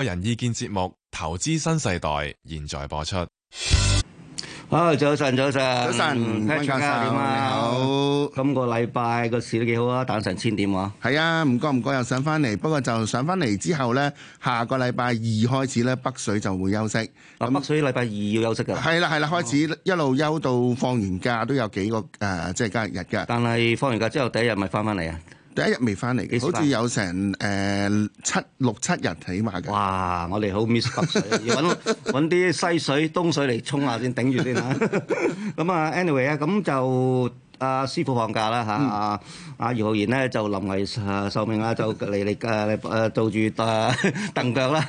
個人意見節目《投資新世代》現在播出。啊，早晨，早晨，早晨，Morning，Morning，你好。今個禮拜個市都幾好啊，彈成千點喎。係啊，唔覺唔覺又上翻嚟，不過就上翻嚟之後咧，下個禮拜二開始咧，北水就會休息。嗱，北水禮拜二要休息噶。係啦係啦，開始一路休到放完假都有幾個誒、呃，即係假日日噶。但係放完假之後第一日咪翻翻嚟啊？第一日未翻嚟嘅，吧好似有成誒、呃、七六七日起碼嘅。哇！我哋好 miss 北水， 要揾揾啲西水東水嚟沖下先，頂住先啦。咁啊，anyway 啊，咁就。阿、啊、師傅放假啦嚇，阿阿姚浩然咧就臨危啊受命啦，就嚟嚟誒誒做住誒、啊、蹬腳啦。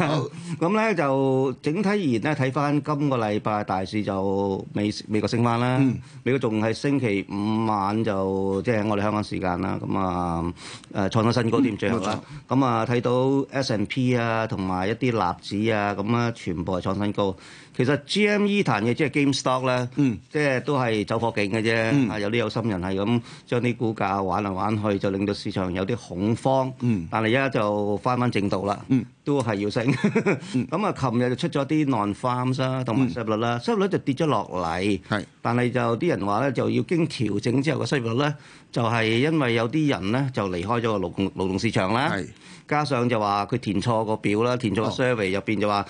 咁、啊、咧 就整體而言咧，睇翻今個禮拜大市就美美國升翻啦，美國仲係、嗯、星期五晚就即係、就是、我哋香港時間啦，咁啊誒、啊、創新新高添最後啦。咁、嗯嗯、啊睇到 S&P 啊同埋一啲納指啊，咁啊全部係創新高。其實 GME 彈嘅即係 GameStop 咧，即係都係走貨勁嘅啫。啊，有啲有心人係咁將啲股價玩嚟玩去，就令到市場有啲恐慌。但係而家就翻翻正道啦，都係要升。咁啊，琴日就出咗啲 Non-Farms 啦，同埋失率啦，失率就跌咗落嚟。係，但係就啲人話咧，就要經調整之後嘅失率咧，就係因為有啲人咧就離開咗個勞工勞動市場啦。係，加上就話佢填錯個表啦，填錯個 survey 入邊就話。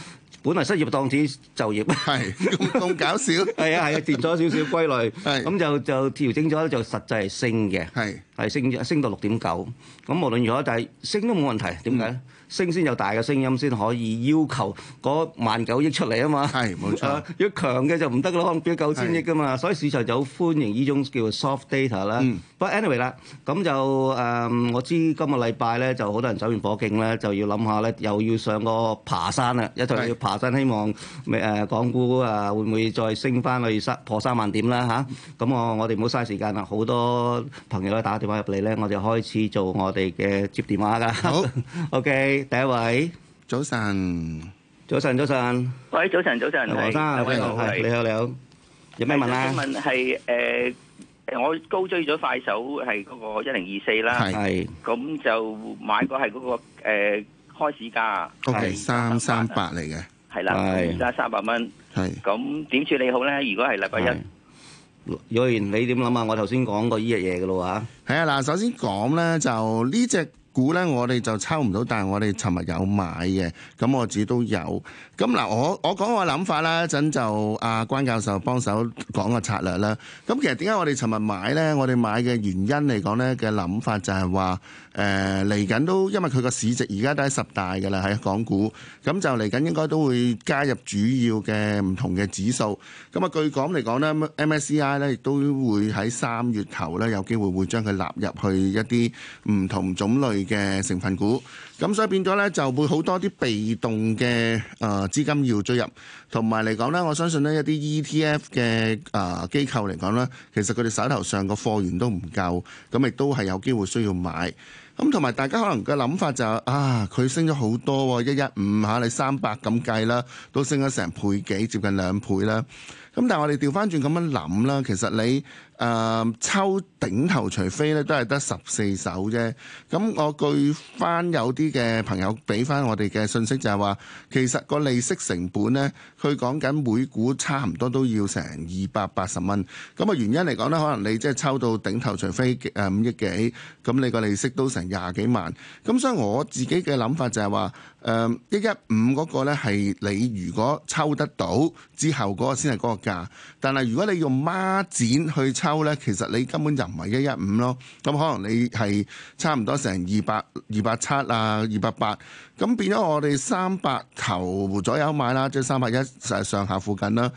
本來失業當止就業， 係咁咁搞笑。係 啊，係啊，跌咗少少歸類，咁就 是就調整咗就實際係升嘅，係係是升升到六點九。咁無論如何，但係升都冇問題，點解咧？嗯升先有大嘅聲音先可以要求嗰萬九億出嚟啊嘛，係冇錯，要強嘅就唔得噶咯，可能要九千億噶嘛，所以市場就好歡迎呢種叫做 soft data 啦。不過 anyway 啦，咁就誒，我知今個禮拜咧就好多人走完火警咧，就要諗下咧又要上個爬山啊，一陣要爬山，希望誒港股啊會唔會再升翻去三破三萬點啦嚇？咁我我哋唔好嘥時間啦，好多朋友咧打電話入嚟咧，我就開始做我哋嘅接電話噶。好，OK。第一位，早晨，早晨，早晨。喂，早晨，早晨，羅生，你好，你好，你好，有咩問啊？問係誒，我高追咗快手係嗰個一零二四啦，係，咁就買個係嗰個誒開市價，OK，三三八嚟嘅，係啦，而家三百蚊，係，咁點處理好咧？如果係禮拜一，若然你點諗啊？我頭先講過呢隻嘢噶啦，吓。係啊，嗱，首先講咧就呢隻。估咧，我哋就抽唔到，但係我哋尋日有買嘅，咁我自己都有。咁嗱，我我講個諗法啦，一陣就阿、啊、關教授幫手講個策略啦。咁其實點解我哋尋日買呢？我哋買嘅原因嚟講呢，嘅諗法就係話。誒嚟緊都，因為佢個市值而家都係十大㗎啦，喺港股。咁就嚟緊應該都會加入主要嘅唔同嘅指數。咁啊，據講嚟講咧，MSCI 咧亦都會喺三月頭咧有機會會將佢納入去一啲唔同種類嘅成分股。咁所以變咗咧就會好多啲被動嘅啊資金要追入，同埋嚟講咧，我相信咧一啲 ETF 嘅啊機構嚟講咧，其實佢哋手頭上個貨源都唔夠，咁亦都係有機會需要買。咁同埋大家可能嘅諗法就啊，佢升咗好多喎，一一五吓，你三百咁計啦，都升咗成倍幾，接近兩倍啦。咁但係我哋調翻轉咁樣諗啦，其實你。誒、嗯、抽頂頭飛咧都係得十四手啫，咁我據翻有啲嘅朋友俾翻我哋嘅信息就係話，其實個利息成本咧，佢講緊每股差唔多都要成二百八十蚊，咁、那、啊、個、原因嚟講咧，可能你即係抽到頂頭飛誒五、呃、億幾，咁你個利息都成廿幾萬，咁所以我自己嘅諗法就係話。誒，一一五嗰個呢，係你如果抽得到之後嗰個先係嗰個價，但係如果你用孖展去抽呢，其實你根本就唔係一一五咯。咁可能你係差唔多成二百二百七啊二百八，咁變咗我哋三百頭左右買啦，即係三百一上下附近啦。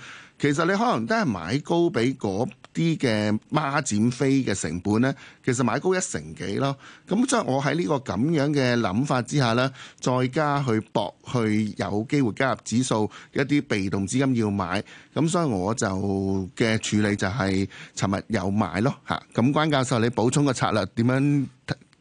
其實你可能都係買高俾嗰啲嘅孖展飛嘅成本咧，其實買高一成幾咯。咁即係我喺呢個咁樣嘅諗法之下咧，再加去搏去有機會加入指數一啲被動資金要買。咁所以我就嘅處理就係尋日有買咯嚇。咁關教授你補充個策略點樣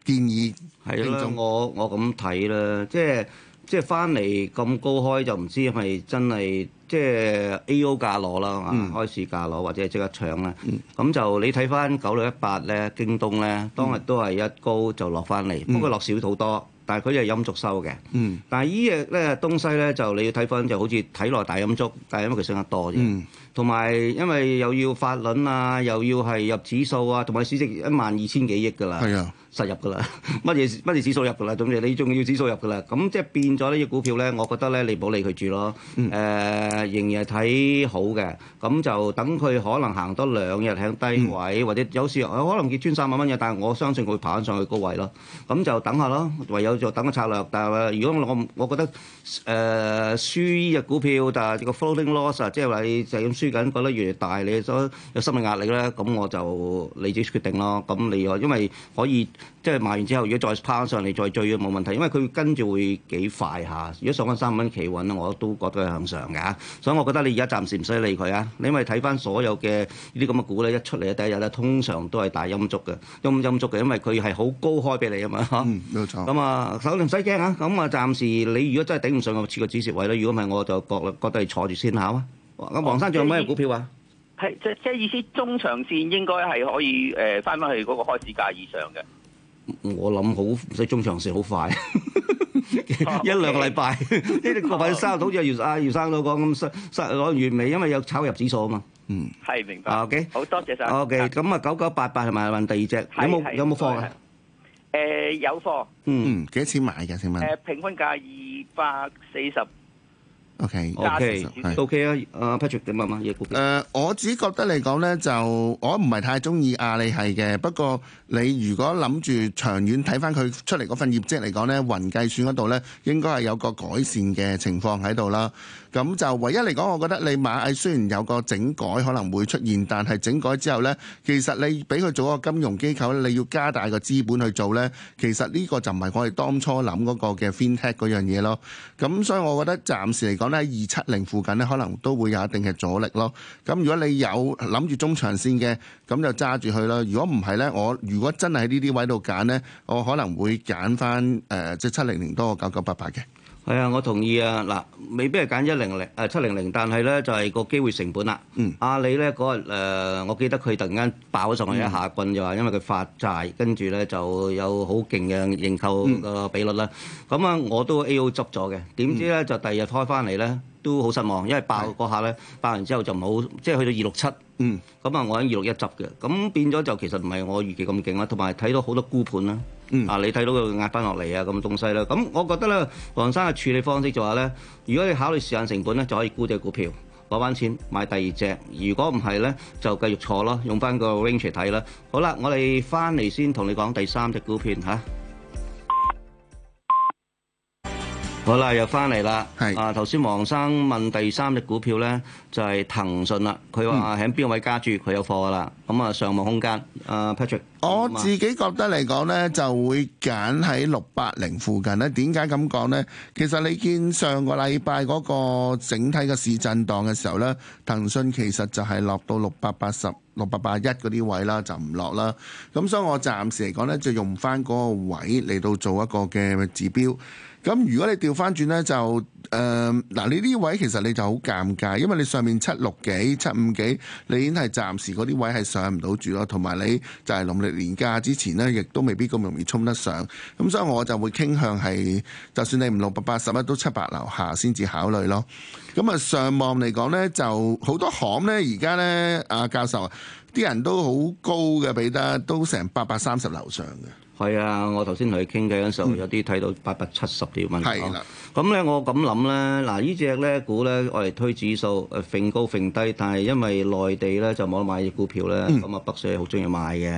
建議？係啦，丁總我我咁睇啦，即係。即係翻嚟咁高開就唔知係咪真係即係 A.O. 價攞啦，嗯、開市價攞或者即刻搶啦。咁、嗯、就你睇翻九六一八咧，京東咧當日都係一高就落翻嚟，不過、嗯、落少好多，但係佢係陰燭收嘅。嗯、但係呢樣咧東西咧就你要睇翻就好似睇落大陰燭，但係因為佢升得多啫。同埋、嗯、因為又要發輪啊，又要係入指數啊，同埋市值一萬二千幾億㗎啦。 實入噶啦，乜嘢乜嘢指數入噶啦，總之你仲要指數入噶啦，咁即係變咗呢隻股票咧，我覺得咧你唔好理佢住咯，誒、嗯呃、仍然係睇好嘅，咁就等佢可能行多兩日向低位，嗯、或者有時可能跌穿三百蚊嘅，但係我相信佢會爬翻上去高位咯。咁就等下咯，唯有就等個策略。但係如果我我覺得誒、呃、輸呢隻股票，但係個 floating loss 啊，即係你就係咁輸緊，覺得越嚟越大，你所有心理壓力咧，咁我就你自己決定咯。咁你因為可以。即係賣完之後，如果再攀上嚟再追咧冇問題，因為佢跟住會幾快嚇。如果上翻三蚊企穩我都覺得係向上嘅。所以我覺得你而家暫時唔使理佢啊。你因為睇翻所有嘅呢啲咁嘅股咧，一出嚟第一日咧，通常都係大陰燭嘅，陰陰燭嘅，因為佢係好高開俾你啊嘛嚇。冇、嗯、錯。咁啊、嗯，首你唔使驚啊。咁啊、嗯，暫時你如果真係頂唔上，我設個止蝕位啦。如果唔係，我就覺得覺得係坐住先下、嗯、啊。咁黃生仲有咩股票啊？係即即係意思，中長線應該係可以誒翻翻去嗰個開市價以上嘅。我諗好唔使中長線，好快一兩個禮拜呢隻股份生，好似阿姚生老講咁生生攞完未，因為有炒入指數啊嘛。嗯，係明白。O K，好多謝晒。O K，咁啊九九八八同埋揾第二隻，有冇有冇貨嘅？誒，有貨。嗯嗯，幾多錢買嘅，請問？誒，平均價二百四十。O K，O K，O K 啊！阿 Okay.、okay. Okay , Patrick 點啊嘛？誒、呃，我自己覺得嚟講咧，就我唔係太中意阿里係嘅。不過你如果諗住長遠睇翻佢出嚟嗰份業績嚟講咧，雲計算嗰度咧應該係有個改善嘅情況喺度啦。咁就唯一嚟講，我覺得你螞蟻，雖然有個整改可能會出現，但係整改之後咧，其實你俾佢做個金融機構咧，你要加大個資本去做咧，其實呢個就唔係我哋當初諗嗰個嘅 fintech 嗰樣嘢咯。咁所以，我覺得暫時嚟講咧，二七零附近咧，可能都會有一定嘅阻力咯。咁如果你有諗住中長線嘅，咁就揸住佢啦。如果唔係咧，我如果真係喺呢啲位度揀咧，我可能會揀翻誒，即係七零零多過九九八八嘅。係啊，我同意啊！嗱，未必係揀一零零、呃、七零零，但係呢就係、是、個機會成本啦。嗯、阿里呢嗰日、呃，我記得佢突然間爆上去一下棍就話，因為佢發債，跟住呢就有好勁嘅認購比率啦。咁、嗯、啊，我都 A O 執咗嘅，點知呢，就第二日開返嚟啦。嗯都好失望，因為爆嗰下咧，的爆完之後就唔好，即係去到二六七，咁啊，我喺二六一執嘅，咁變咗就其實唔係我預期咁勁啦，同埋睇到好多沽盤啦，嗯、啊，你睇到佢壓翻落嚟啊，咁東西啦，咁我覺得咧，黃生嘅處理方式就話、是、咧，如果你考慮時間成本咧，就可以沽隻股票攞翻錢買第二隻，如果唔係咧，就繼續坐咯，用翻個 range 嚟睇啦。好啦，我哋翻嚟先同你講第三隻股票嚇。好啦，又翻嚟啦。係是啊，頭先黃生問第三隻股票呢，就係騰訊啦。佢話喺邊位加注，佢、嗯、有貨噶啦。咁啊，上望空間啊，Patrick，我自己覺得嚟講呢，就會揀喺六百零附近呢。點解咁講呢？其實你見上個禮拜嗰個整體嘅市震盪嘅時候呢，騰訊其實就係落到六百八十六百八一嗰啲位啦，就唔落啦。咁所以我暫時嚟講呢，就用翻嗰個位嚟到做一個嘅指標。咁如果你調翻轉呢，就誒嗱、呃，你呢位其實你就好尷尬，因為你上面七六幾、七五幾，你已經係暫時嗰啲位係上唔到住咯，同埋你就係農曆年假之前呢，亦都未必咁容易衝得上。咁、嗯、所以我就會傾向係，就算你唔六百八十，一都七百樓下先至考慮咯。咁、嗯、啊，上望嚟講呢，就好多行呢。而家呢，阿、啊、教授啊，啲人都好高嘅，畀得都成八百三十樓上嘅。係啊，我頭先同佢傾偈嗰陣時候，嗯、有啲睇到八百七十幾蚊。係咁咧我咁諗咧，嗱、啊、呢隻咧股咧，我哋、啊這個、推指數誒揈高揈低，呃呃呃呃嗯、但係因為內地咧就冇得買隻股票咧，咁啊、嗯、北水好中意買嘅。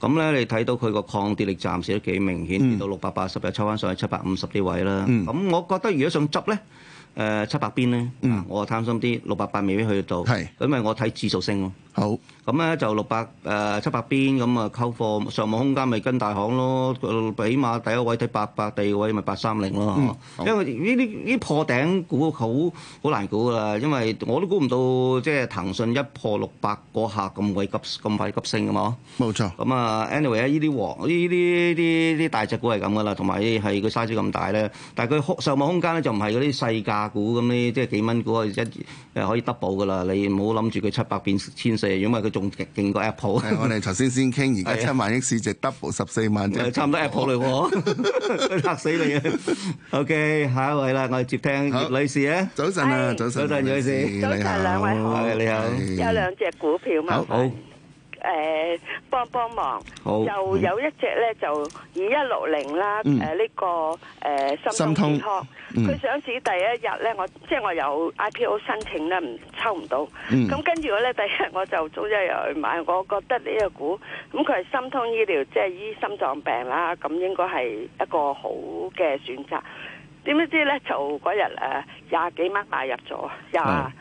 咁、嗯、咧、嗯、你睇到佢個抗跌力暫時都幾明顯，跌到六百八十又，抽翻上去七百五十啲位啦。咁我覺得如果想執咧。嗯嗯嗯誒七百邊咧，嗯、我貪心啲六百八未必去得到，是因為我睇指數升咯。好，咁咧、嗯、就六百誒七百邊咁啊，溝貨上網空間咪跟大行咯，起碼第一位睇八百，第二位咪八三零咯。因為呢啲呢破頂估，好好難估噶啦，因為我都估唔到即係騰訊一破六百嗰下咁鬼急咁快急升噶嘛。冇錯。咁啊，anyway 啊，呢啲黃呢啲啲啲大隻股係咁噶啦，同埋係個 size 咁大咧，但係佢上網空間咧就唔係嗰啲細價。股咁呢，即係幾蚊股啊，一誒可以 double 噶啦！你唔好諗住佢七百變千四，因為佢仲勁勁過 Apple。係，我哋頭先先傾而家七萬億市值 double 十四萬隻，差唔多 Apple 嚟喎，嚇死你啊！OK，下一位啦，我哋接聽葉女士啊，早晨啊，早晨，早晨葉女士，早晨兩位好，你好，有兩隻股票嘛，好。誒，幫幫忙，好就有一隻咧，就二一六零啦，誒呢、嗯啊，這個誒心、呃、通，通，佢、嗯、上市第一日咧，我即係我有 IPO 申請咧，抽唔到，咁、嗯、跟住我咧第一日我就中一入去買，我覺得呢個股，咁佢係心通醫療，即係醫心臟病啦，咁、嗯、應該係一個好嘅選擇。點樣知咧，就嗰日誒廿幾蚊買入咗廿。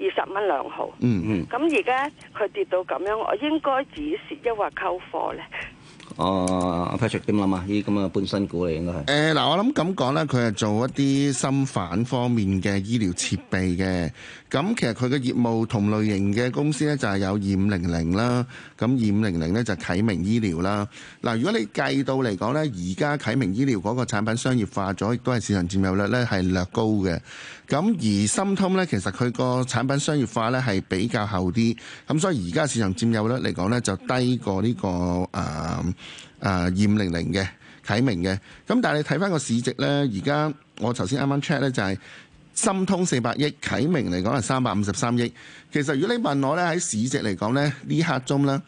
二十蚊兩毫，嗯嗯，咁而家佢跌到咁樣，我、 uh, 應該止蝕抑或溝貨咧？哦，Patrick 點諗啊？呢啲咁嘅半新股嚟，應該係誒嗱，我諗咁講咧，佢係做一啲心反方面嘅醫療設備嘅。 咁其實佢嘅業務同類型嘅公司咧，就係有二五零零啦。咁二五零零咧就啟明醫療啦。嗱，如果你計到嚟講咧，而家啟明醫療嗰個產品商業化咗，亦都係市場佔有率咧係略高嘅。咁而心通咧，其實佢個產品商業化咧係比較後啲。咁所以而家市場佔有率咧嚟講咧，就低過呢個誒誒二五零零嘅啟明嘅。咁但係你睇翻個市值咧，而家我頭先啱啱 check 咧就係。心通四百億，啟明嚟講係三百五十三億。其實如果你問我咧，喺市值嚟講咧，呢刻中咧，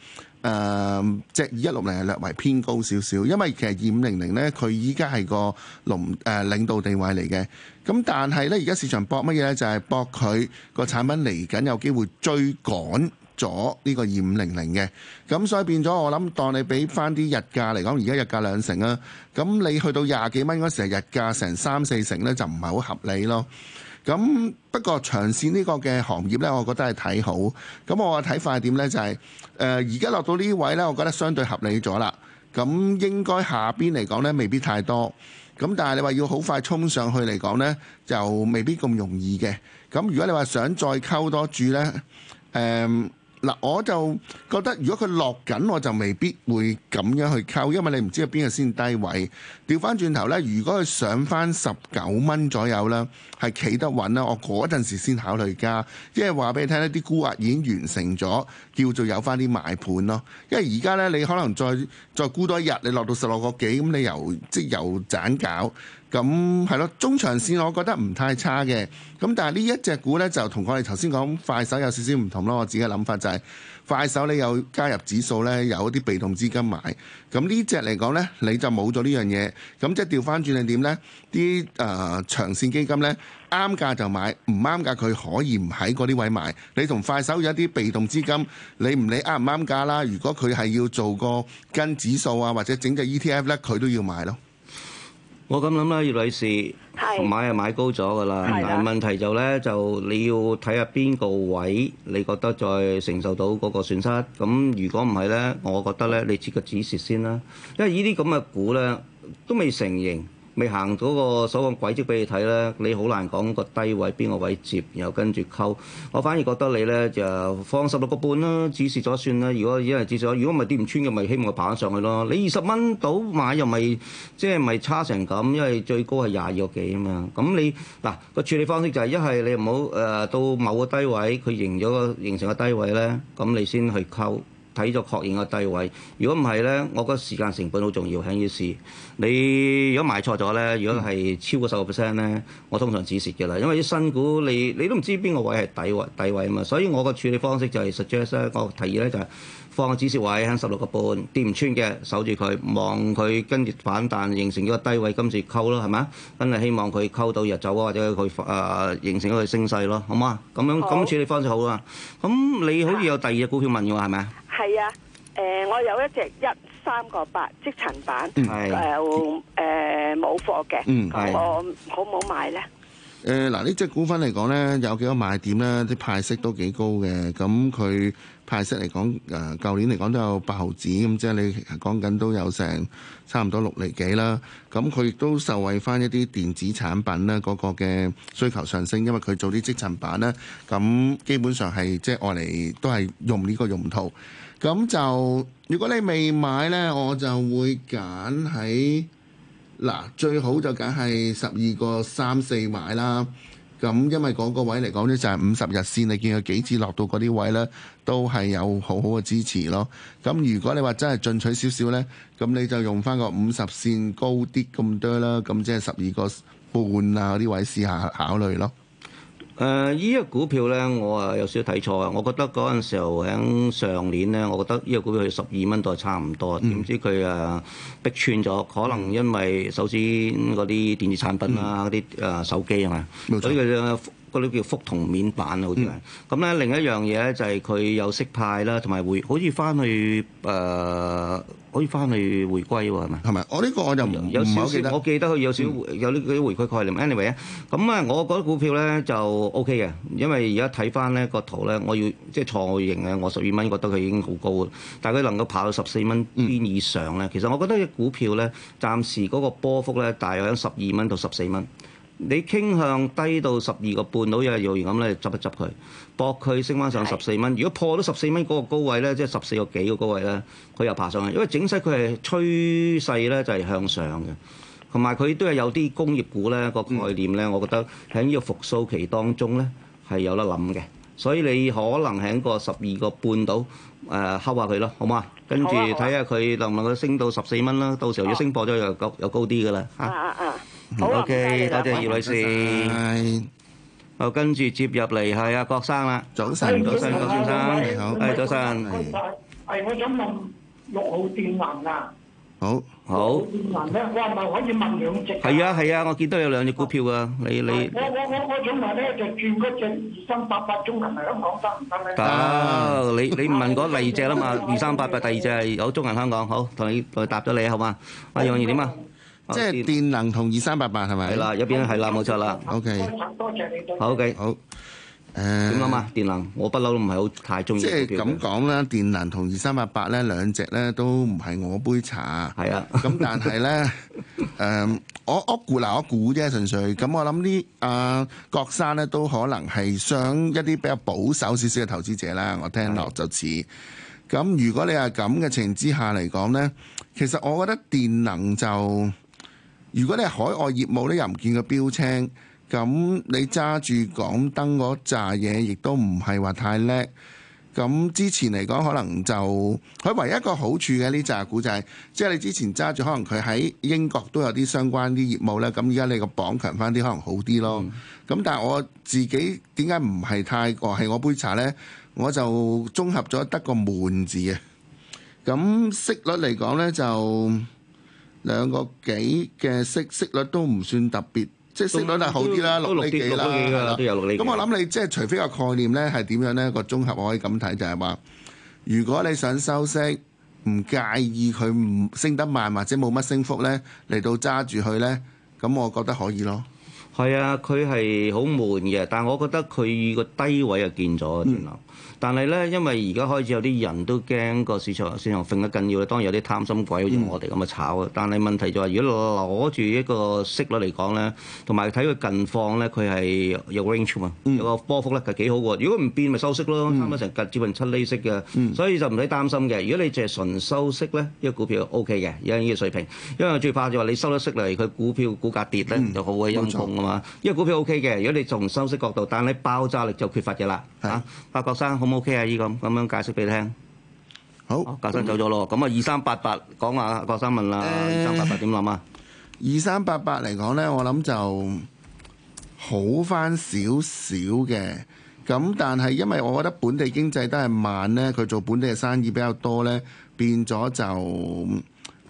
誒隻二一六零係略為偏高少少，因為其實二五零零咧，佢依家係個龍誒領導地位嚟嘅。咁但係咧，而家市場搏乜嘢咧？就係搏佢個產品嚟緊有機會追趕。咗呢個二五零零嘅，咁所以變咗我諗，當你俾翻啲日價嚟講，而家日價兩成啦，咁你去到廿幾蚊嗰時日價成三四成呢就唔係好合理咯。咁不過長線呢個嘅行業呢，我覺得係睇好。咁我嘅睇法係點呢，就係誒而家落到呢位呢，我覺得相對合理咗啦。咁應該下邊嚟講呢，未必太多。咁但係你話要好快衝上去嚟講呢，就未必咁容易嘅。咁如果你話想再溝多注呢。誒、呃。嗱，我就覺得如果佢落緊，我就未必會咁樣去溝，因為你唔知邊個先低位。調翻轉頭呢，如果佢上翻十九蚊左右，呢係企得穩啦，我嗰陣時先考慮加。因為話俾你聽呢，啲沽壓已經完成咗，叫做有翻啲買盤咯。因為而家呢，你可能再再沽多一日，你落到十六個幾，咁你又即又盞搞。就是咁係咯，中長線我覺得唔太差嘅。咁但係呢一隻股呢，就同我哋頭先講快手有少少唔同咯。我自己嘅諗法就係，快手你有加入指數呢，有啲被動資金買。咁呢隻嚟講呢，你就冇咗呢樣嘢。咁即係調翻轉係點呢？啲誒、呃、長線基金呢，啱價就買，唔啱價佢可以唔喺嗰啲位買。你同快手有一啲被動資金，你唔理啱唔啱價啦。如果佢係要做個跟指數啊，或者整隻 ETF 呢，佢都要買咯。我咁諗啦，葉女士，買係是買高咗㗎啦，的但係問題就咧就你要睇下邊個位，你覺得再承受到嗰個損失？咁如果唔係咧，我覺得咧，你設個指示先啦，因為呢啲咁嘅股咧都未成形。未行嗰個所謂軌跡俾你睇咧，你好難講個低位邊個位接，然後跟住溝。我反而覺得你咧就放十六個半啦，止蝕咗算啦。如果一係止咗，如果唔係跌唔穿嘅，咪希望佢爬上去咯。你二十蚊到買又咪即係咪差成咁？因為最高係廿二個幾啊嘛。咁你嗱個處理方式就係一係你唔好誒到某個低位佢形咗形成個低位咧，咁你先去溝。睇咗確認個低位，如果唔係咧，我覺得時間成本好重要，於是，你如果買錯咗咧，如果係超過十個 percent 咧，我通常止蝕嘅啦，因為啲新股你你都唔知邊個位係低位低位啊嘛，所以我個處理方式就係 suggest 咧，我提議咧就係、是。放個指示位喺十六個半，跌唔穿嘅守住佢，望佢跟住反彈，形成一個低位今次溝咯，係咪？真係，希望佢溝到日走，或者佢誒形成一個升勢咯，好唔好？咁樣咁處理方式好啊。咁你好似有第二隻股票問我係咪啊？係啊，誒，我有一隻一三個八積層板，誒誒冇貨嘅，咁我好唔好買咧？誒嗱，呢隻股份嚟講咧，有幾個賣點咧，啲派息都幾高嘅，咁佢。派息嚟講，誒、呃、舊年嚟講都有八毫子，咁即係你講緊都有成差唔多六厘幾啦。咁佢亦都受惠翻一啲電子產品啦，嗰個嘅需求上升，因為佢做啲積層板啦。咁基本上係即係外嚟都係用呢個用途。咁就如果你未買呢，我就會揀喺嗱最好就揀係十二個三四買啦。咁因為嗰個位嚟講呢就係五十日線，你見佢幾次落到嗰啲位呢，都係有好好嘅支持咯。咁如果你話真係進取少少呢，咁你就用返個五十線高啲咁多啦。咁即係十二個半啊，嗰啲位試下考慮咯。誒依、呃，這個股票咧，我啊有少少睇錯啊！我覺得嗰陣時候喺上年咧，我覺得依個股票係十二蚊都係差唔多，點、嗯、知佢啊逼穿咗，可能因為首先嗰啲電子產品啦，啲誒手機啊嘛，所以佢咧嗰啲叫覆同面板啊，好似咁咧。嗯、另一樣嘢咧就係佢有息派啦，同埋會好似返去誒。呃可以翻去回歸喎，係咪？係咪？我呢個我就唔有，有少，我記得佢有少、嗯、有啲啲回歸概念。Anyway 啊，咁啊，我覺得股票咧就 OK 嘅，因為而家睇翻咧個圖咧，我要即係錯型嘅，我十二蚊覺得佢已經好高啊，但係佢能夠跑到十四蚊邊以上咧，嗯、其實我覺得股票咧，暫時嗰個波幅咧，大約喺十二蚊到十四蚊。你傾向低到十二個半到，有係又咁咧，執一執佢，博佢升翻上十四蚊。如果破咗十四蚊嗰個高位咧，即係十四個幾個高位咧，佢又爬上去。因為整體佢係趨勢咧，就係向上嘅，同埋佢都係有啲工業股咧個概念咧，我覺得喺呢個復甦期當中咧係有得諗嘅。所以你可能喺個十二個半到誒敲下佢咯，好嘛？跟住睇下佢能唔能夠升到十四蚊啦。到時候要升破咗又高又高啲嘅啦。啊啊啊！好 OK，多謝葉女士。係，好，跟住接入嚟係阿郭生啦。早晨，早晨，郭先生你好，係早晨。係我想問六號電銀啊。好好。電銀咧，我係咪可以問兩隻？係啊係啊，我見到有兩隻股票噶，你你。我我我我想問咧，就轉嗰隻二三八八中銀香港得唔得咧？得，你你唔問嗰第二隻啊嘛？二三八八第二隻係有中銀香港，好，同你同答咗你啊，好嘛？阿葉你點啊？即係電能同二三八八係咪？係啦，一邊係啦，冇錯啦。OK，多謝你，OK，好。點諗啊？電能我不嬲都唔係好太中意。即係咁講啦，電能同二三八八咧，兩隻咧都唔係我杯茶。係啊，咁但係咧，誒，我我估嗱，我估啫，純粹。咁我諗呢啊，郭生咧都可能係想一啲比較保守少少嘅投資者啦。我聽落就似。咁如果你係咁嘅情形之下嚟講咧，其實我覺得電能就。如果你係海外業務咧，又唔見個標青，咁你揸住港燈嗰扎嘢，亦都唔係話太叻。咁之前嚟講，可能就佢唯一一個好處嘅呢扎股就係，即係你之前揸住，可能佢喺英國都有啲相關啲業務咧。咁而家你個榜強翻啲，可能好啲咯。咁、嗯、但係我自己點解唔係太過係我杯茶呢，我就綜合咗得個悶字嘅。咁息率嚟講呢，就。兩個幾嘅息息率都唔算特別，即係息率係好啲啦，六厘幾啦，都有六。咁我諗你即係除非個概念咧係點樣咧？個綜合我可以咁睇就係話，如果你想收息，唔介意佢唔升得慢或者冇乜升幅咧，嚟到揸住佢咧，咁我覺得可以咯。係啊，佢係好悶嘅，但係我覺得佢個低位就見咗啊！天啊！但係咧，因為而家開始有啲人都驚個市場先頭揈得緊要，當然有啲貪心鬼好似我哋咁啊炒嘅。嗯、但係問題就係、是，如果攞住一個息率嚟講咧，同埋睇佢近況咧，佢係有 range 啊、嗯，有個波幅咧係幾好喎。如果唔變咪收息咯，嗯、差唔多接近百分之七厘息嘅。嗯、所以就唔使擔心嘅。如果你淨係純收息咧，呢、這個股票 O K 嘅，因為呢個水平。因為最怕就係你收咗息嚟，佢股票股價跌咧、嗯、就好鬼陰功啊嘛。錯因為股票 O K 嘅，如果你從收息角度，但係你爆炸力就缺乏嘅啦嚇。發、啊、郭生 O.K. 啊，姨咁咁樣解釋俾你聽，好，隔生走咗咯。咁啊那，二三八八講下郭生問啦，二三八八點諗啊？二三八八嚟講呢，我諗就好翻少少嘅。咁但係因為我覺得本地經濟都係慢呢，佢做本地嘅生意比較多呢，變咗就。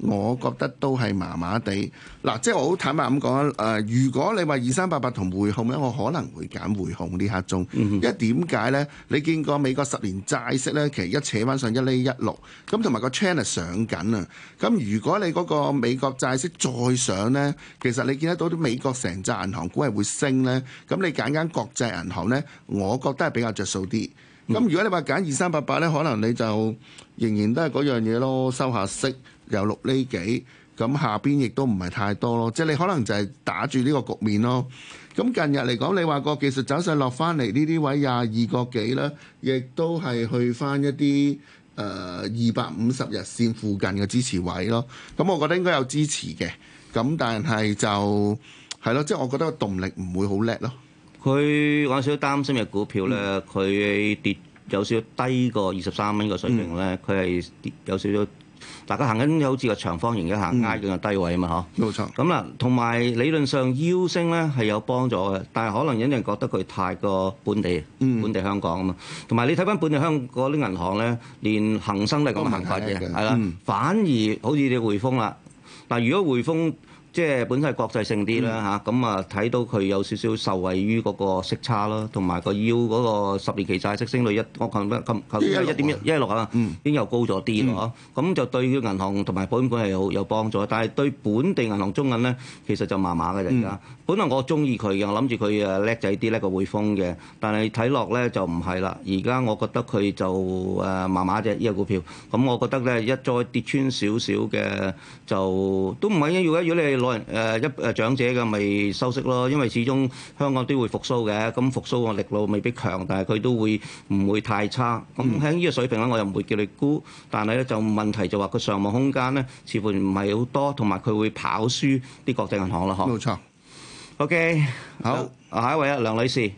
我覺得都係麻麻地嗱，即係我好坦白咁講誒。如果你話二三八八同匯控咧，我可能會揀匯控呢刻鐘，因為點解咧？你見過美國十年債息咧？其實一扯翻上一厘一六咁，同埋個 channel 係上緊啊。咁如果你嗰個美國債息再上咧，其實你見得到啲美國成隻銀行股係會升咧。咁你揀間國際銀行咧，我覺得係比較著數啲。咁如果你話揀二三八八咧，可能你就仍然都係嗰樣嘢咯，收下息。有六厘幾，咁下邊亦都唔係太多咯。即係你可能就係打住呢個局面咯。咁近日嚟講，你話個技術走勢落翻嚟呢啲位廿二個幾啦，亦都係去翻一啲誒二百五十日線附近嘅支持位咯。咁我覺得應該有支持嘅，咁但係就係咯，即係我覺得個動力唔會好叻咯。佢我有少少擔心嘅股票咧，佢跌有少少低過二十三蚊嘅水平咧，佢係跌有少少。大家行緊好似個長方形嘅行挨緊個低位啊嘛，嗬、嗯，冇錯。咁啦，同埋理論上腰升咧係有幫助嘅，但係可能有人覺得佢太過本地，嗯、本地香港啊嘛。同埋你睇翻本地香港啲銀行咧，連恒生嚟講都行翻嘅，係啦。的嗯、反而好似你匯豐啦，嗱，如果匯豐即係本身係國際性啲啦嚇，咁、嗯、啊睇到佢有少少受惠於嗰個息差咯，同埋個腰嗰個十年期債息升率 1, 1, 1, 1, 1, 1, 1,，一、嗯，我琴不近？依家一點一一六啊，已經又高咗啲咯，咁就對銀行同埋保險股係有有幫助，但係對本地銀行中銀咧，其實就麻麻嘅而家。嗯本來我中意佢嘅，我諗住佢誒叻仔啲咧個匯豐嘅，但係睇落咧就唔係啦。而家我覺得佢就誒麻麻啫呢個股票。咁我覺得咧一再跌穿少少嘅就都唔係。如果如果你係攞人誒一誒長者嘅咪收息咯，因為始終香港都會復甦嘅。咁復甦嘅力度未必強，但係佢都會唔會太差。咁喺呢個水平咧，我又唔會叫你沽，但係咧就問題就話個上網空間咧似乎唔係好多，同埋佢會跑輸啲國際銀行咯。嚇，冇錯。OK，好，下一位啊，梁女士。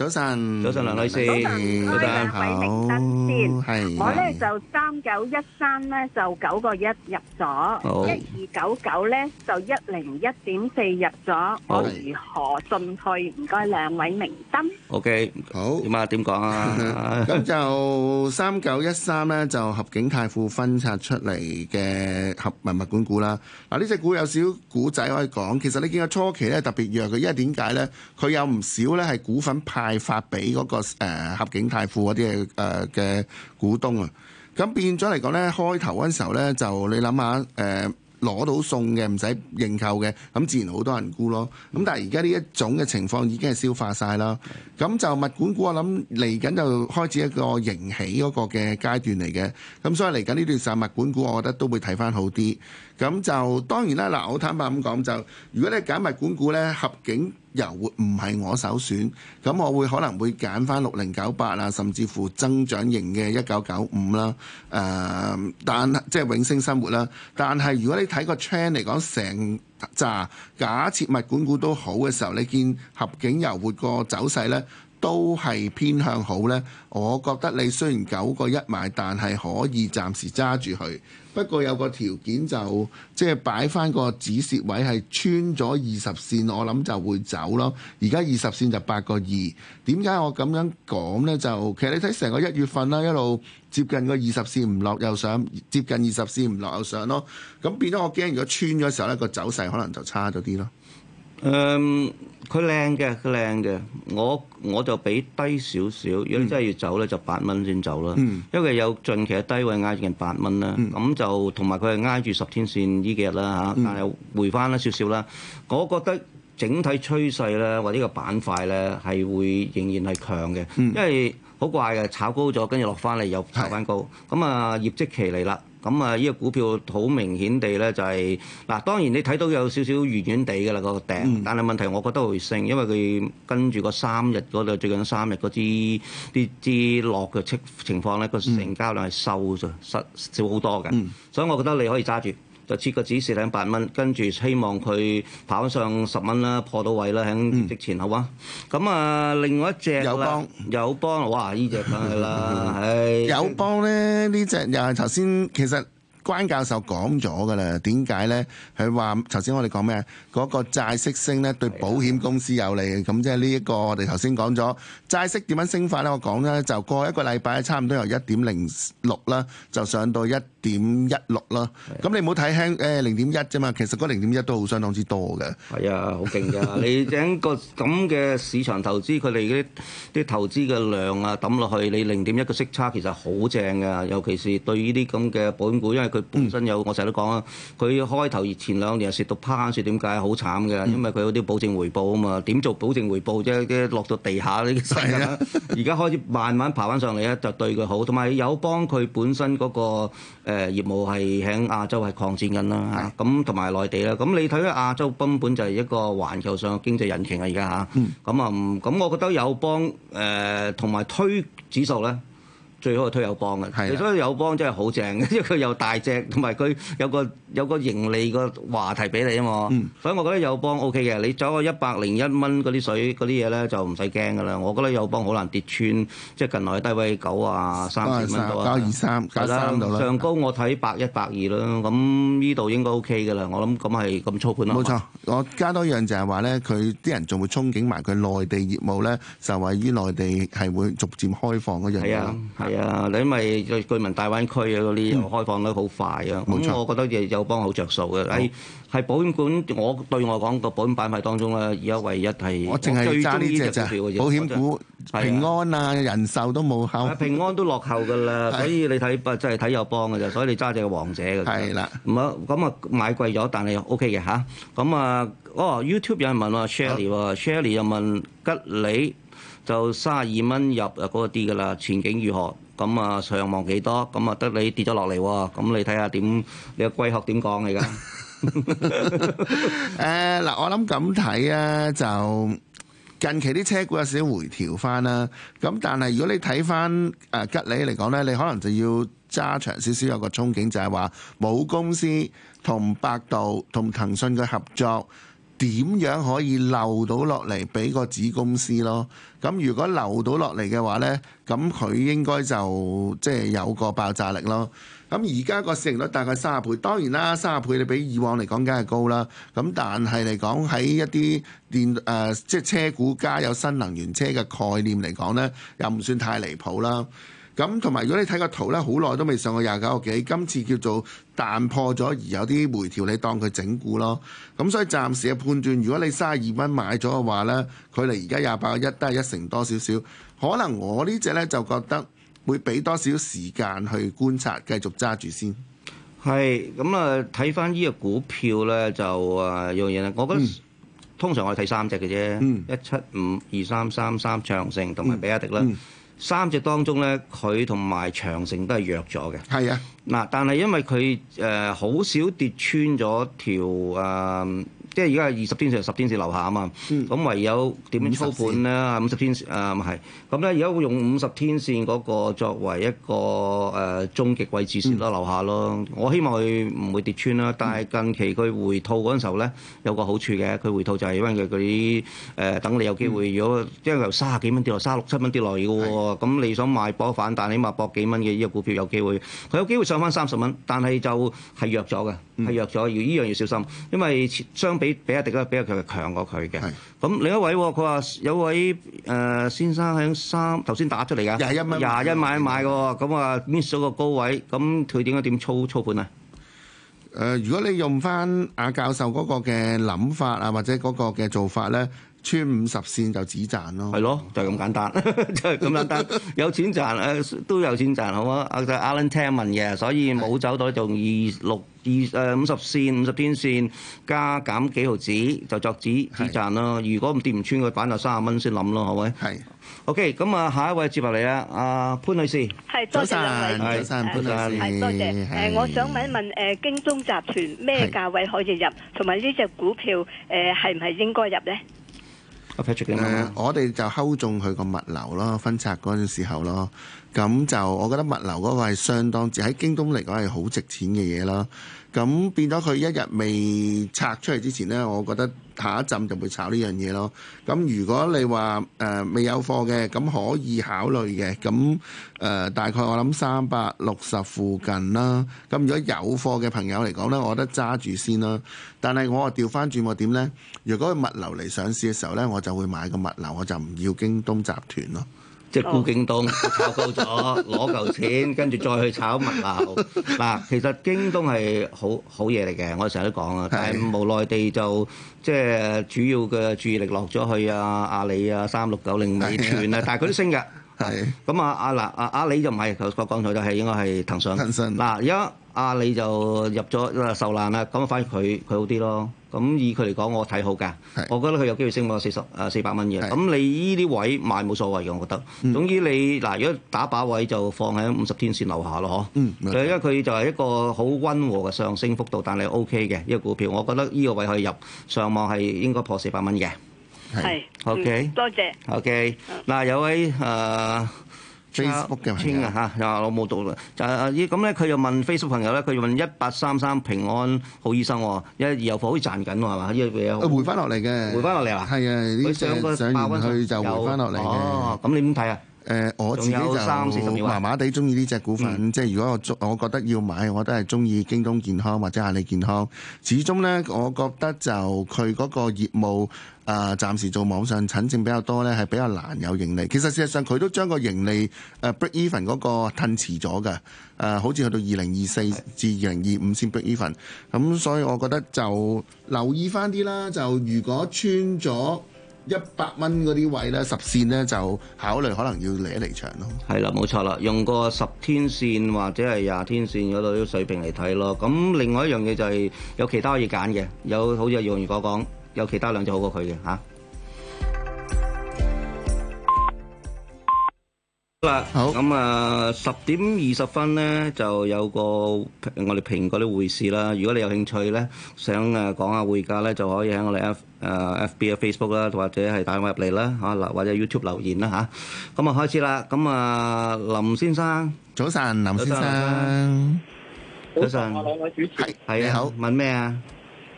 早晨，早晨梁女士，早晨，各位明燈先，我咧就三九一三咧就九個一入咗，一二九九咧就一零一點四入咗，我如何進退？唔該，兩位明燈。OK，好點啊？點講啊？咁就三九一三咧就合景泰富分拆出嚟嘅合文物管股啦。嗱，呢隻股有少少古仔可以講，其實你見到初期咧特別弱嘅，因為點解咧？佢有唔少咧係股份派。係發俾嗰個誒合景泰富嗰啲誒嘅股東啊，咁變咗嚟講咧，開頭嗰時候咧就你諗下誒攞到送嘅，唔使認購嘅，咁自然好多人沽咯。咁但係而家呢一種嘅情況已經係消化晒啦。咁就物管股，我諗嚟緊就開始一個迎起嗰個嘅階段嚟嘅。咁所以嚟緊呢段時間物管股，我覺得都會睇翻好啲。咁就當然啦，嗱，我坦白咁講，就如果你揀物管股咧，合景。遊活唔係我首選，咁我會可能會揀翻六零九八啊，甚至乎增長型嘅一九九五啦。誒，但即係永升生，生活啦。但係如果你睇個 channel 嚟講，成紮假設物管股都好嘅時候，你見合景遊活個走勢呢都係偏向好呢。我覺得你雖然九個一買，但係可以暫時揸住佢。不過有個條件就即係擺翻個止蝕位係穿咗二十線，我諗就會走咯。而家二十線就八個二，點解我咁樣講呢？就其實你睇成個一月份啦，一路接近個二十線唔落又上，接近二十線唔落又上咯。咁變咗我驚，如果穿咗時候呢個走勢可能就差咗啲咯。嗯、um。佢靚嘅，佢靚嘅。我我就俾低少少。如果你真係要走咧，就八蚊先走啦。嗯、因為有近期嘅低位挨近八蚊啦，咁、嗯、就同埋佢係挨住十天線呢幾日啦嚇。但係回翻啦少少啦。我覺得整體趨勢咧，或者個板塊咧，係會仍然係強嘅，嗯、因為好怪嘅炒高咗，跟住落翻嚟又炒翻高咁啊！的業績期嚟啦。咁啊！呢個股票好明顯地咧，就係、是、嗱，當然你睇到有少少遠遠地嘅啦，個頂，嗯、但係問題我覺得會升，因為佢跟住個三日嗰度最近三日嗰啲啲啲落嘅情情況咧，個成交量係收咗少少好多嘅，嗯、所以我覺得你可以揸住。就切個指示零八蚊，跟住希望佢跑上十蚊啦，破到位啦，喺即前好嗎？咁啊、嗯嗯，另外一隻咧，友邦幫，友邦，哇！隻 是呢隻梗係啦，係， 友邦咧呢隻又係頭先其實。關教授講咗噶啦，點解呢？佢話頭先我哋講咩？嗰個債息升呢，對保險公司有利。咁即係呢一個我哋頭先講咗，債息點樣升法呢？我講呢就過一個禮拜，差唔多由一點零六啦，就上到一點一六啦。咁你唔好睇輕誒零點一啫嘛，其實嗰零點一都好相當之多嘅。係啊，好勁㗎！你整個咁嘅市場投資，佢哋嗰啲啲投資嘅量啊抌落去，你零點一個息差其實好正㗎，尤其是對於啲咁嘅保險股，因為。嗯、本身有我成日都講啊，佢開頭前兩年又蝕到趴硬，蝕點解？好慘嘅，因為佢有啲保證回報啊嘛。點做保證回報啫？嘅落到地下呢啲，而家開始慢慢爬翻上嚟啊！就對佢好，同埋友邦佢本身嗰個誒業務係喺亞洲係擴展緊啦嚇。咁同埋內地啦，咁你睇亞洲根本，本就係一個環球上嘅經濟引擎啊！而家嚇，咁、嗯、啊咁，我覺得友邦誒同埋推指數咧。最好係推友邦嘅，是的 所以友邦真係好正，因為佢又大隻，同埋佢有個。有個盈利個話題俾你啊嘛，所以我覺得友邦 O K 嘅，你走個一百零一蚊嗰啲水嗰啲嘢咧就唔使驚噶啦。我覺得友邦好難跌穿，即係近來嘅低位九啊三十蚊度啊，加二三加三度啦。上高我睇百一、百二啦。咁呢度應該 O K 噶啦。我諗咁係咁操盤。冇錯，我加多樣就係話咧，佢啲人仲會憧憬埋佢內地業務咧，受惠於內地係會逐漸開放嘅樣。係啊係啊，你因為據聞大灣區嗰啲開放得好快啊。冇錯，我覺得亦有。友邦好着數嘅，係係保險股，我對我講個保險板塊當中咧，而家唯一係我淨係揸呢隻咋。保險股平安啊、人壽都冇效，平安都落後㗎啦的，所以你睇不真係睇友邦㗎啫，所以你揸隻王者㗎。係啦的，唔好咁啊，買貴咗，但係 O K 嘅嚇。咁啊，哦 YouTube 有人問話 Sherry s h e r r y 又問吉利就三十二蚊入嗰啲㗎啦，前景如何？咁啊上望幾多？咁啊得你跌咗落嚟喎？咁你睇下點？你嘅龜殼點講嚟噶？誒嗱，我諗咁睇咧，就近期啲車股有少少回調翻啦。咁但係如果你睇翻誒吉利嚟講咧，你可能就要揸長少少，有個憧憬就係話冇公司同百度同騰訊嘅合作。點樣可以漏到落嚟俾個子公司咯？咁如果漏到落嚟嘅話呢，咁佢應該就即係有個爆炸力咯。咁而家個市盈率大概三十倍，當然啦，三十倍你比以往嚟講梗係高啦。咁但係嚟講喺一啲電誒即係車股加有新能源車嘅概念嚟講呢，又唔算太離譜啦。咁同埋如果你睇個圖咧，好耐都未上過廿九個幾，今次叫做彈破咗，而有啲回調，你當佢整固咯。咁、嗯、所以暫時嘅判斷，如果你三十二蚊買咗嘅話咧，佢離而家廿八個一都係一成多少少。可能我呢隻咧就覺得會俾多少時間去觀察，繼續揸住先。係咁啊，睇翻呢個股票咧就啊，樣、嗯、嘢。我覺得、嗯、通常我睇三隻嘅啫，嗯、一七五二三三三長城同埋比亞迪啦。嗯嗯。三隻當中咧，佢同埋長城都係弱咗嘅。係啊的，嗱，但係因為佢誒好少跌穿咗條誒。呃即係而家係二十天線十天線留下啊嘛，咁、嗯、唯有點樣操盤咧？五十天線誒，咁係咁咧。而家會用五十天線嗰個作為一個誒、呃、終極位置線咯，留下咯。我希望佢唔會跌穿啦。但係近期佢回吐嗰陣時候咧，有個好處嘅，佢回吐就係因為佢啲誒等你有機會，如果即係由卅幾蚊跌落卅六七蚊跌落嚟嘅喎，咁的、嗯、你想買博反彈，起碼博幾蚊嘅呢個股票有機會，佢有機會上翻三十蚊，但係就係弱咗嘅，係弱咗。要依樣要小心，因為相俾比亞迪，比較強強過佢嘅。咁另一位佢話有位誒、呃、先生喺三頭先打出嚟㗎，廿一蚊，廿一買一買嘅。咁啊 miss 咗個高位，咁佢點解點操操盤啊？誒、呃，如果你用翻阿教授嗰個嘅諗法啊，或者嗰個嘅做法咧？穿五十線就止賺咯，係咯，就係咁簡單，就係咁簡單。有錢賺啊，都有錢賺，好啊。阿阿倫聽問嘅，所以冇走袋就二六二誒五十線五十天線加減幾毫子就作止止賺咯。如果唔跌唔穿個板就三十蚊先諗咯，好唔好？係。OK，咁啊，下一位接落嚟啊，阿潘女士。係，多謝，係，多謝，潘女士。係，多謝。誒，我想問一問誒京東集團咩價位可以入？同埋呢隻股票誒係唔係應該入咧？嗯、我哋就拋中佢個物流咯，分拆嗰陣時候咯，咁就我覺得物流嗰個係相當之，喺京東嚟講係好值錢嘅嘢咯。咁變咗佢一日未拆出嚟之前呢，我覺得下一陣就會炒呢樣嘢咯。咁如果你話誒未有貨嘅，咁可以考慮嘅。咁誒、呃、大概我諗三百六十附近啦。咁如果有貨嘅朋友嚟講呢，我覺得揸住先啦。但係我話調翻轉我點呢？如果物流嚟上市嘅時候呢，我就會買個物流，我就唔要京東集團咯。即係沽京東，炒高咗攞嚿錢，跟住再去炒物流嗱。其實京東係好好嘢嚟嘅，我成日都講啊。但係無奈地就即係主要嘅注意力落咗去啊阿里啊三六九零、美團啊，但係佢都升嘅。係咁啊，阿嗱阿阿里就唔係頭個講台就係應該係騰訊。騰訊嗱而家阿里就入咗受難啦，咁反而佢佢好啲咯。咁以佢嚟講，我睇好㗎。是我覺得佢有機會升到四十、誒四百蚊嘅。咁是你依啲位賣冇所謂嘅，我覺得。嗯、總之你嗱、呃，如果打靶位就放喺五十天線樓下咯，嗬。嗯。因為佢就係一個好溫和嘅上升幅度，但係 O K 嘅一個股票，我覺得呢個位可以入。上望係應該破四百蚊嘅。係是。O Okay ? K、嗯。多謝。O K。嗱，有位誒。呃 Facebook 嘅係啊，又話我冇讀，就阿阿姨咁咧，佢又問 Facebook 朋友咧，佢又問一八三三平安好醫生、哦，一二有貨可以賺緊係咪？呢樣嘢啊，回翻落嚟嘅，回翻落嚟啊，係啊，上上完了上去就回翻落嚟嘅。哦，咁你點睇啊？誒、呃、我自己就麻麻地中意呢隻股份，嗯、即係如果我我覺得要買，我都係中意京東健康或者阿里健康。始終呢，我覺得就佢嗰個業務啊、呃，暫時做網上診症比較多呢，係比較難有盈利。其實事實上佢都將個盈利誒、呃、break even 嗰、那個褪遲咗嘅，誒、呃、好似去到二零二四至二零二五先 break even。咁是、嗯、所以我覺得就留意翻啲啦，就如果穿咗。一百蚊嗰啲位咧，十線咧就考慮可能要離一離場咯。係啦，冇錯啦，用個十天線或者係廿天線嗰度啲水平嚟睇咯。咁另外一樣嘢就係有其他可以揀嘅，有好似阿楊如果講，有其他兩隻好過佢嘅嚇。好啦，好咁啊，十點二十分咧就有個我哋蘋果啲會議啦。如果你有興趣咧，想誒講下會價咧，就可以喺我哋啊。誒 F B 啊 Facebook 啦，或者係打電話入嚟啦嚇，留或者 YouTube 留言啦嚇，咁啊開始啦，咁啊林先生，早晨林先生，早晨啊兩位主持，係你好，問咩啊？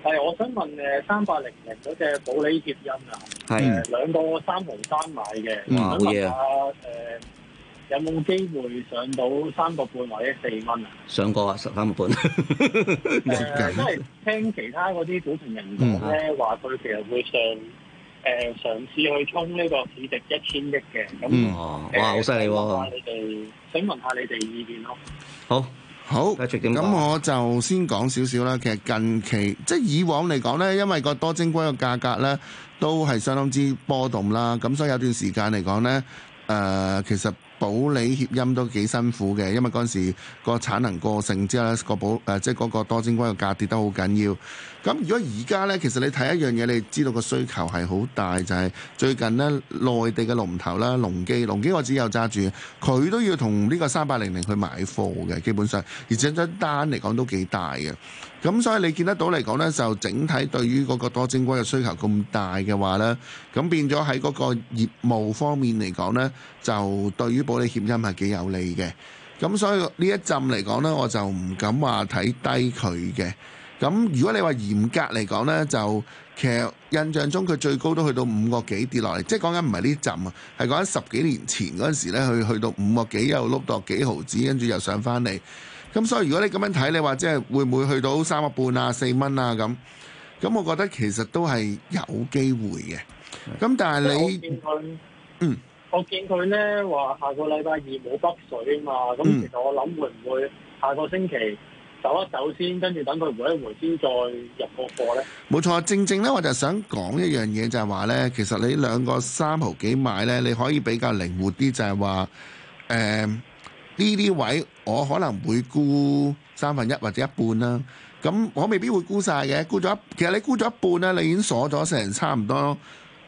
係我想問誒三八零零嗰隻保利協鑫啊，係兩個三毫三買嘅，冇嘢啊誒。有冇機會上到三個半或者四蚊啊？上過啊，十三個半。誒，即係聽其他嗰啲股評人講咧，話佢其實會上誒嘗試去衝呢個市值一千億嘅。嗯，哇，好犀利喎！我想問下你哋意見咯。好，好，咁我就先講少少啦。其實近期即係以往嚟講咧，因為個多晶硅個價格咧都係相當之波動啦。咁所以有段時間嚟講咧，誒，其實保理協音都幾辛苦嘅，因為嗰陣時個產能過剩之後咧，個保誒、呃、即係嗰個多晶硅個價跌得好緊要。咁如果而家呢，其實你睇一樣嘢，你知道個需求係好大，就係、是、最近呢內地嘅龍頭啦，隆基，隆基我只有揸住，佢都要同呢個三八零零去買貨嘅，基本上而且張單嚟講都幾大嘅。咁所以你見得到嚟講咧，就整體對於嗰個多晶硅嘅需求咁大嘅話咧，咁變咗喺嗰個業務方面嚟講咧，就對於保利協鑫係幾有利嘅。咁所以呢一陣嚟講咧，我就唔敢話睇低佢嘅。咁如果你話嚴格嚟講咧，就其實印象中佢最高都去到五個幾，跌落嚟，即係講緊唔係呢一陣啊，係講緊十幾年前嗰陣時咧，佢去到五個幾又碌到幾毫子，跟住又上翻嚟。咁所以如果你咁樣睇，你話即係會唔會去到三個半啊、四蚊啊咁？咁我覺得其實都係有機會嘅。咁但係你，嗯，我見佢咧話下個禮拜二冇北水啊嘛，咁其實我諗會唔會下個星期走一走先，跟住等佢回一回先再入個貨咧？冇錯，正正咧我就想講一樣嘢，就係話咧，其實你兩個三毫幾買咧，你可以比較靈活啲，就係話誒。呢啲位我可能會沽三分一或者一半啦，咁我未必會沽晒嘅，沽咗一其實你沽咗一半啦，你已經鎖咗成差唔多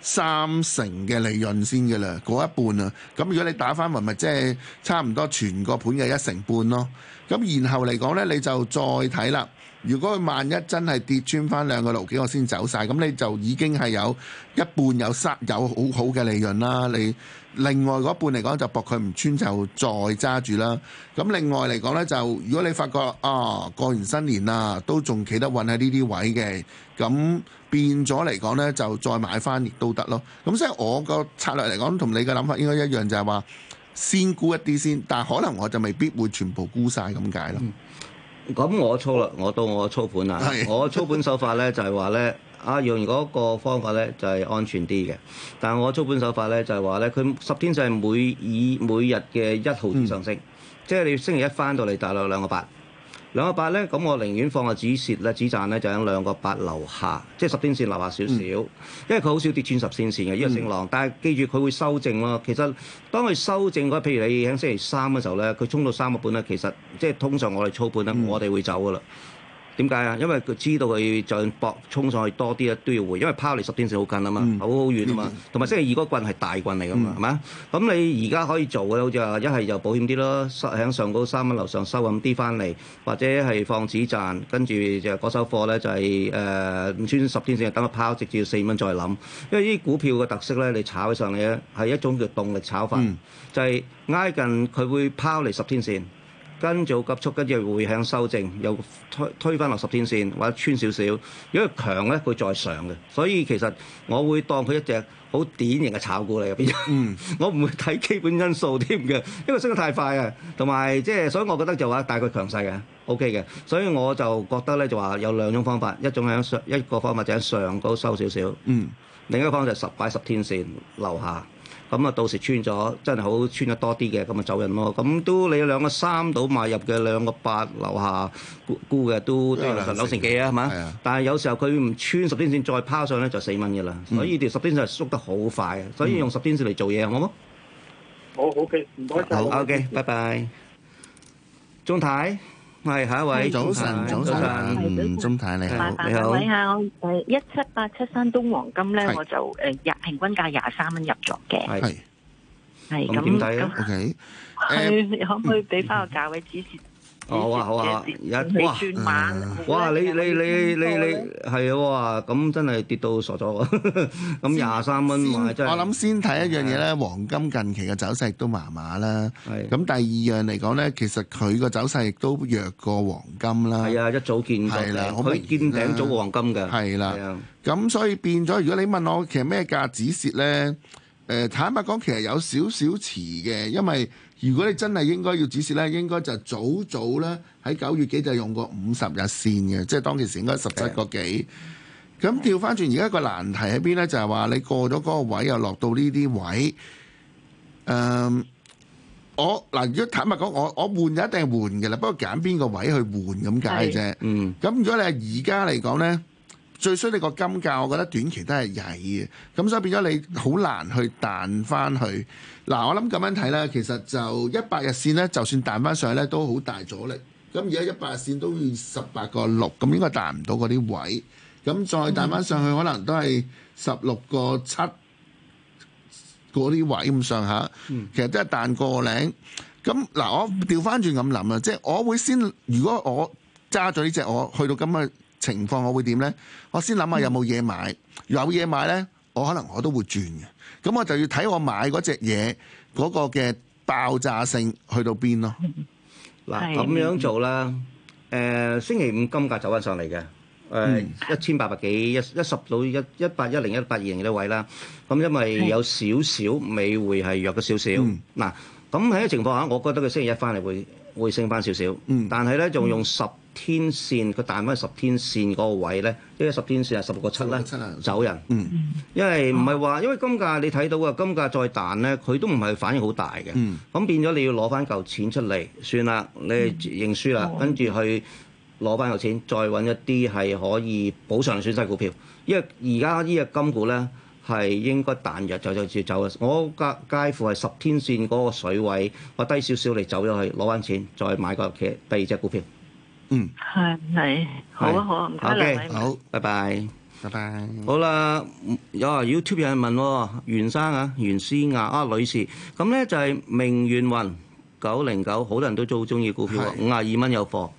三成嘅利潤先嘅啦，嗰一半啊，咁如果你打翻埋咪即係差唔多全個盤嘅一成半咯，咁然後嚟講咧你就再睇啦，如果佢萬一真係跌穿翻兩個六幾，我先走晒，咁你就已經係有一半有失有好好嘅利潤啦，你。另外嗰半嚟講就搏佢唔穿就再揸住啦。咁另外嚟講呢，就如果你發覺啊過完新年啦，都仲企得穩喺呢啲位嘅，咁變咗嚟講呢，就再買翻亦都得咯。咁所以我個策略嚟講，同你嘅諗法應該一樣，就係、是、話先沽一啲先，但係可能我就未必會全部沽晒。咁解咯。咁我操啦，我到我操盤啦，是我操盤手法呢，就係、是、話呢。 啊用嗰個方法咧就係、是、安全啲嘅，但係我操盤手法咧就係話咧，佢十天線每以每日嘅一毫子上升，嗯、即係你星期一翻到嚟大概兩個八，兩個八咧，咁我寧願放個止蝕咧止賺咧就喺兩個八留下，即係十天線留下少少，嗯、因為佢好少跌穿十天線嘅，因為升浪，嗯、但係記住佢會修正咯。其實當佢修正嗰，譬如你喺星期三嘅時候咧，佢衝到三個半咧，其實即係通常我哋操盤咧、嗯，我哋會走㗎喇。點解啊？因為佢知道佢再搏衝上去多啲咧，都要回，因為拋離十天線好近啊嘛，好好遠啊嘛，同埋星期二嗰棍係大棍嚟噶嘛，係嘛、嗯？咁、嗯嗯、你而家可以做嘅，好似話一係就保險啲咯，收喺上高三蚊樓上收咁啲翻嚟，或者係放紙賺，跟住就嗰首貨咧就係誒唔穿十天線，等佢拋直接四蚊再諗，因為呢啲股票嘅特色咧，你炒起上嚟咧係一種叫動力炒法，嗯、就係挨近佢會拋離十天線。跟早急速跟住會向修正，又推推翻落十天線，或者穿少少。如果佢強咧，佢再上嘅。所以其實我會當佢一隻好典型嘅炒股嚟入邊。嗯、我唔會睇基本因素添嘅，因為升得太快啊，同埋即係，所以我覺得就話、是、大個強勢嘅，OK 嘅。所以我就覺得咧，就話有兩種方法，一種喺上，一個方法就喺上高收少少，嗯、另一個方法就十擺十天線留下。咁啊，到時穿咗真係好穿得多啲嘅，咁啊走人咯。咁都你有兩個三度買入嘅兩個八樓下沽嘅，都都有十幾成幾啊，係嘛？但係有時候佢唔穿十天線，再拋上咧就四蚊嘅啦。所以條十天線縮得好快，所以用十天線嚟做嘢好唔好？好，OK，唔該曬。好，OK，拜拜，鐘太。係下一位，早晨，早晨，鍾太你，你好，位下我誒一七八七山東黃金咧，我就誒入平均價廿三蚊入咗嘅，係係咁點解咁 OK，誒可唔可以俾翻個價位指示？好啊好啊，一哇哇你你你你你係啊咁真係跌到傻咗，咁廿三蚊我諗先睇一樣嘢咧，黃金近期嘅走勢亦都麻麻啦。係咁第二樣嚟講咧，其實佢個走勢亦都弱過黃金啦。係啊，一早見到嘅，佢見頂咗黃金嘅。係啦，咁所以變咗。如果你問我其實咩價止蝕咧？誒坦白講，其實有少少遲嘅，因為。如果你真係應該要指示咧，應該就早早咧喺九月幾就用過五十日線嘅，即係當其時應該十七個幾。咁跳翻轉而家個難題喺邊咧？就係話你過咗嗰個位又落到呢啲位。嗯，我嗱，如果坦白講，我我換就一定換嘅啦。不過揀邊個位去換咁解啫。嗯。咁如果你係而家嚟講咧？最衰你個金價，我覺得短期都係曳嘅，咁所以變咗你好難去彈翻去。嗱，我諗咁樣睇咧，其實就一百日線咧，就算彈翻上去咧，都好大阻力。咁而家一百日線都要十八個六，咁應該彈唔到嗰啲位。咁再彈翻上去，可能都係十六個七嗰啲位咁上下。其實都係彈過龍。咁嗱，我調翻轉咁諗啊，即係我會先，如果我揸咗呢隻，我去到今日。情況我會點咧？我先諗下有冇嘢買，有嘢買咧，我可能我都會轉嘅。咁我就要睇我買嗰隻嘢嗰個嘅爆炸性去到邊咯。嗱，咁樣做啦。誒，星期五金價走翻上嚟嘅，誒一千八百幾一一十到一八一零一八二零嘅位啦。咁因為有少少美匯係弱咗少少。嗱，咁喺個情況下，我覺得佢星期一翻嚟會。會升翻少少，嗯、但係咧仲用十天線，佢、嗯、彈翻十天線嗰個位咧，因為十天線係十六個七咧，走人。嗯，因為唔係話，因為金價你睇到嘅金價再彈咧，佢都唔係反應好大嘅。咁、嗯、變咗你要攞翻嚿錢出嚟算啦，你認輸啦，嗯、跟住去攞翻嚿錢，再揾一啲係可以補償損失股票，因為而家呢隻金股咧。係應該彈弱就就接走，我介介乎係十天線嗰個水位，我低少少嚟走咗去攞翻錢，再買個其第二隻股票。嗯，係係，好啊好啊，唔該曬你。好，好 okay, 拜拜，好拜拜。好啦，有、啊、YouTube 有人問袁生啊，袁思雅啊女士，咁、嗯、咧就係明源雲九零九，9, 好多人都都中意股票啊，五十二蚊有貨。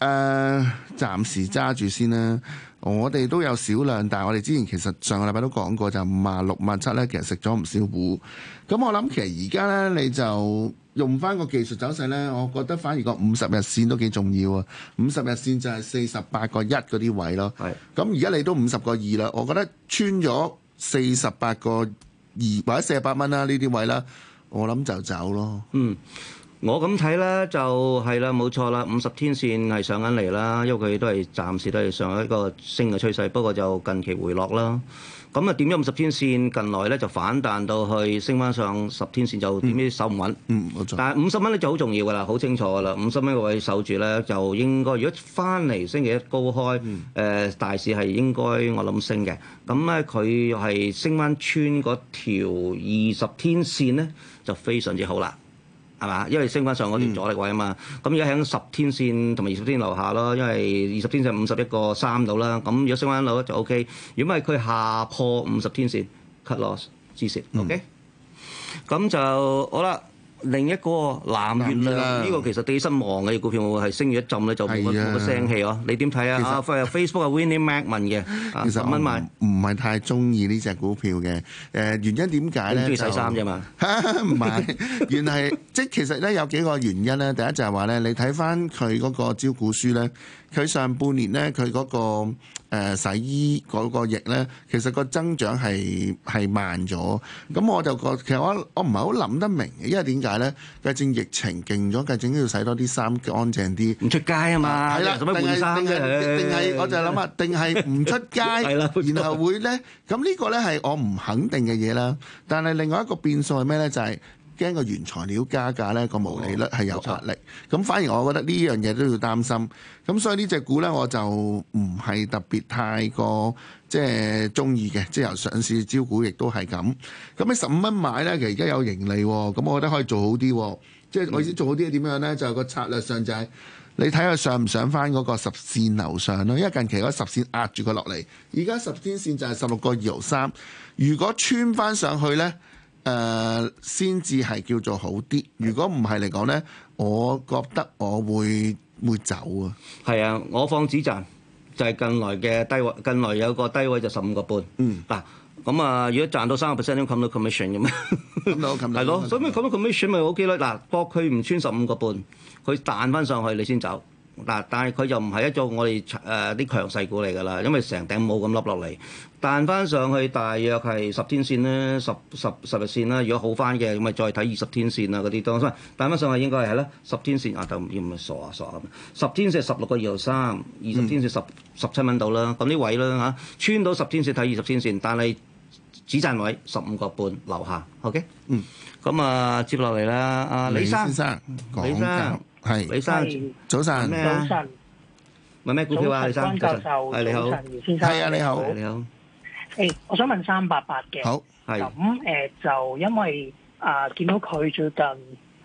誒，uh, 暫時揸住先啦。嗯我哋都有少量，但係我哋之前其實上個禮拜都講過，就五萬六萬七咧，其實食咗唔少糊。咁我諗其實而家咧你就用翻個技術走勢咧，我覺得反而個五十日線都幾重要啊。五十日線就係四十八個一嗰啲位咯。係咁而家你都五十個二啦，我覺得穿咗四十八個二或者四十八蚊啦呢啲位啦，我諗就走咯。嗯。我咁睇咧就係啦，冇錯啦，五十天線係上緊嚟啦，因為佢都係暫時都係上一個升嘅趨勢，不過就近期回落啦。咁啊，點咗五十天線近來咧就反彈到去升翻上十天線，就點都守唔穩。嗯，冇錯。但係五十蚊咧就好重要噶啦，好清楚噶啦，五十蚊個位守住咧就應該，如果翻嚟星期一高開，誒、嗯呃、大市係應該我諗升嘅。咁咧佢係升翻穿嗰條二十天線咧，就非常之好啦。係嘛？因為升翻上嗰段阻力位啊嘛，咁而家喺十天線同埋二十天線樓下咯，因為二十天線五十一個三度啦，咁如果升翻到就 O K，如果唔係佢下破五十天線，cut loss 止蝕，O、OK? K，咁、嗯、就好啦。另一個藍月亮啦，呢呀個其實幾失望嘅股票，係升咗一浸，咧就冇乜冇乜聲氣哦。你點睇啊，實啊？Facebook 啊，Winning Mac 實問嘅問，二十蚊買，唔係太中意呢隻股票嘅。誒、呃、原因點解咧？中意洗衫啫嘛。唔係就， 原係 即係其實咧有幾個原因咧。第一就係話咧，你睇翻佢嗰個招股書咧。佢上半年呢，佢嗰、那個、呃、洗衣嗰個液呢，其實個增長係係慢咗。咁我就覺得其實我我唔係好諗得明，因為點解呢？計正疫情勁咗，計正要多洗多啲衫乾淨啲，唔出街啊嘛。係啦、嗯，定係了我就諗下，定係唔出街， 了然後會呢？咁呢 個呢，係我唔肯定嘅嘢啦。但係另外一個變數係咩呢？就係、是。驚個原材料加價，呢個毛利率係有壓力。咁、哦、反而我覺得呢樣嘢都要擔心。咁所以呢隻股呢，我就唔係特別太過即係中意嘅。即係由上市招股亦都係咁。咁你十五蚊買呢，其實而家有盈利。咁我覺得可以做好啲。即、就、係、是、我意思做好啲係點樣呢？就係、是、個策略上就係、是、你睇下上唔上翻嗰個十線樓上咯。因為近期嗰十線壓住佢落嚟。而家十天線就係十六個二毫三。如果穿翻上去呢。誒先至係叫做好啲，如果唔係嚟講咧，我覺得我會會走啊。係啊，我放止賺就係近來嘅低位，近來有個低位就十五個半。嗯，嗱咁啊，如果賺到三十 percent 都冚到 commission 咁啊，係咯，所以冚到 commission 咪好幾率嗱，不過佢唔穿十五個半，佢彈翻上去你先走。嗱，但係佢就唔係一座我哋誒啲強勢股嚟㗎啦，因為成頂帽咁笠落嚟，彈翻上去大約係十天線啦，十十十日線啦。如果好翻嘅，咁咪再睇二十天線啦嗰啲。當翻彈翻上去應該係啦，十天線啊，就要唔要傻啊，傻啊十天線十六個二毫三，二十天線十十七蚊到啦。咁、嗯、呢位啦嚇，穿到十天線睇二十天線，但係止賺位十五個半樓下。OK，嗯，咁啊接落嚟啦，阿李生，李生。講講講講係，李生早晨，咩啊？唔係咩股票啊，李生早晨。你好，先生，啊，你好，你好。誒，我想問三八八嘅。好，咁誒，就因為啊，見到佢最近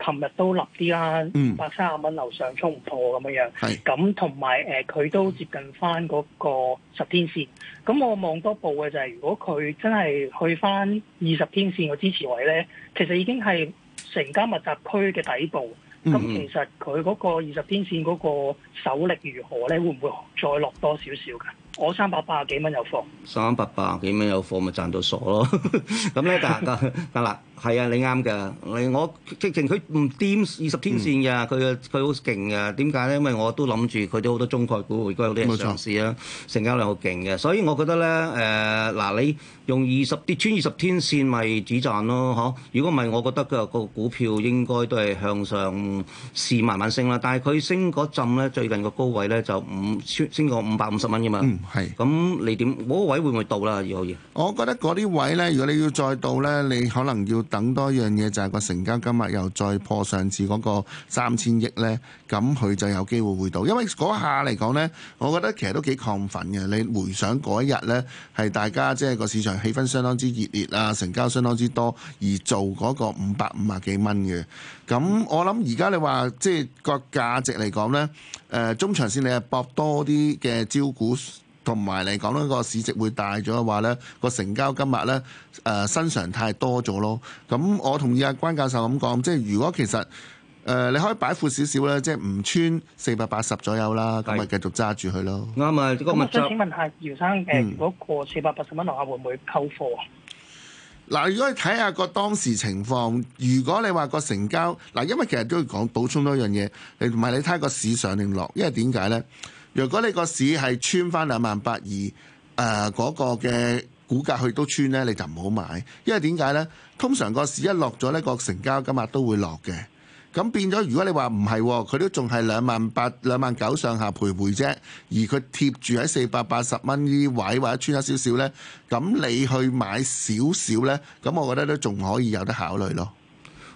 琴日都立啲啦，百三十蚊樓上衝唔破咁樣樣。係。咁同埋誒，佢都接近翻嗰個十天線。咁我望多步嘅就係，如果佢真係去翻二十天線嘅支持位咧，其實已經係成交密集區嘅底部。咁、嗯嗯、其實佢嗰個二十天線嗰個手力如何咧？會唔會再落多少少噶？我三百八十幾蚊有貨，三百八十幾蚊有貨咪賺到傻咯！咁 咧呢，得得得啦。係啊，你啱嘅。你我直情佢唔掂二十天線㗎，佢佢好勁㗎。點解咧？因為我都諗住佢哋好多中概股，而家有啲冇上市啊，沒錯 成交量好勁嘅。所以我覺得咧，誒、呃、嗱，你用二十跌穿二十天線咪止賺咯，嗬？如果唔係，我覺得個個股票應該都係向上試慢慢升啦。但係佢升嗰陣咧，最近個高位咧就五升過五百五十蚊㗎嘛。嗯，咁你點嗰個位會唔會到啦？要唔要？我覺得嗰啲位咧，如果你要再到咧，你可能要。等多樣嘢就係、是、個成交金額又再破上次嗰個三千億呢，咁佢就有機會回到。因為嗰下嚟講呢，我覺得其實都幾亢奮嘅。你回想嗰一日呢，係大家即係個市場氣氛相當之熱烈啊，成交相當之多而做嗰個五百五十幾蚊嘅。咁我諗而家你話即係個價值嚟講呢，誒，中長線你係搏多啲嘅招股。同埋你講咧，個市值會大咗嘅話呢，個成交金額呢誒，新、呃、常太多咗咯。咁我同意阿關教授咁講，即係如果其實誒、呃，你可以擺闊少少呢，即係唔穿四百八十左右啦，咁咪繼續揸住佢咯。啱啊、嗯，我想請問下姚生、呃、如果過四百八十蚊樓下會唔會溝貨嗱？如果你睇下個當時情況，如果你話個成交嗱，因為其實都要講補充多一樣嘢，你唔係你睇下個市上定落，因為點解呢？如果你個市 2,、呃嗰個市係穿翻兩萬八二誒嗰個嘅股價，去都穿呢，你就唔好買，因為點解呢？通常個市一落咗呢個成交金額都會落嘅。咁變咗，如果你話唔係佢都仲係兩萬八兩萬九上下徘徊啫，而佢貼住喺四百八十蚊呢位或者穿咗少少呢，咁你去買少少呢，咁我覺得都仲可以有得考慮咯。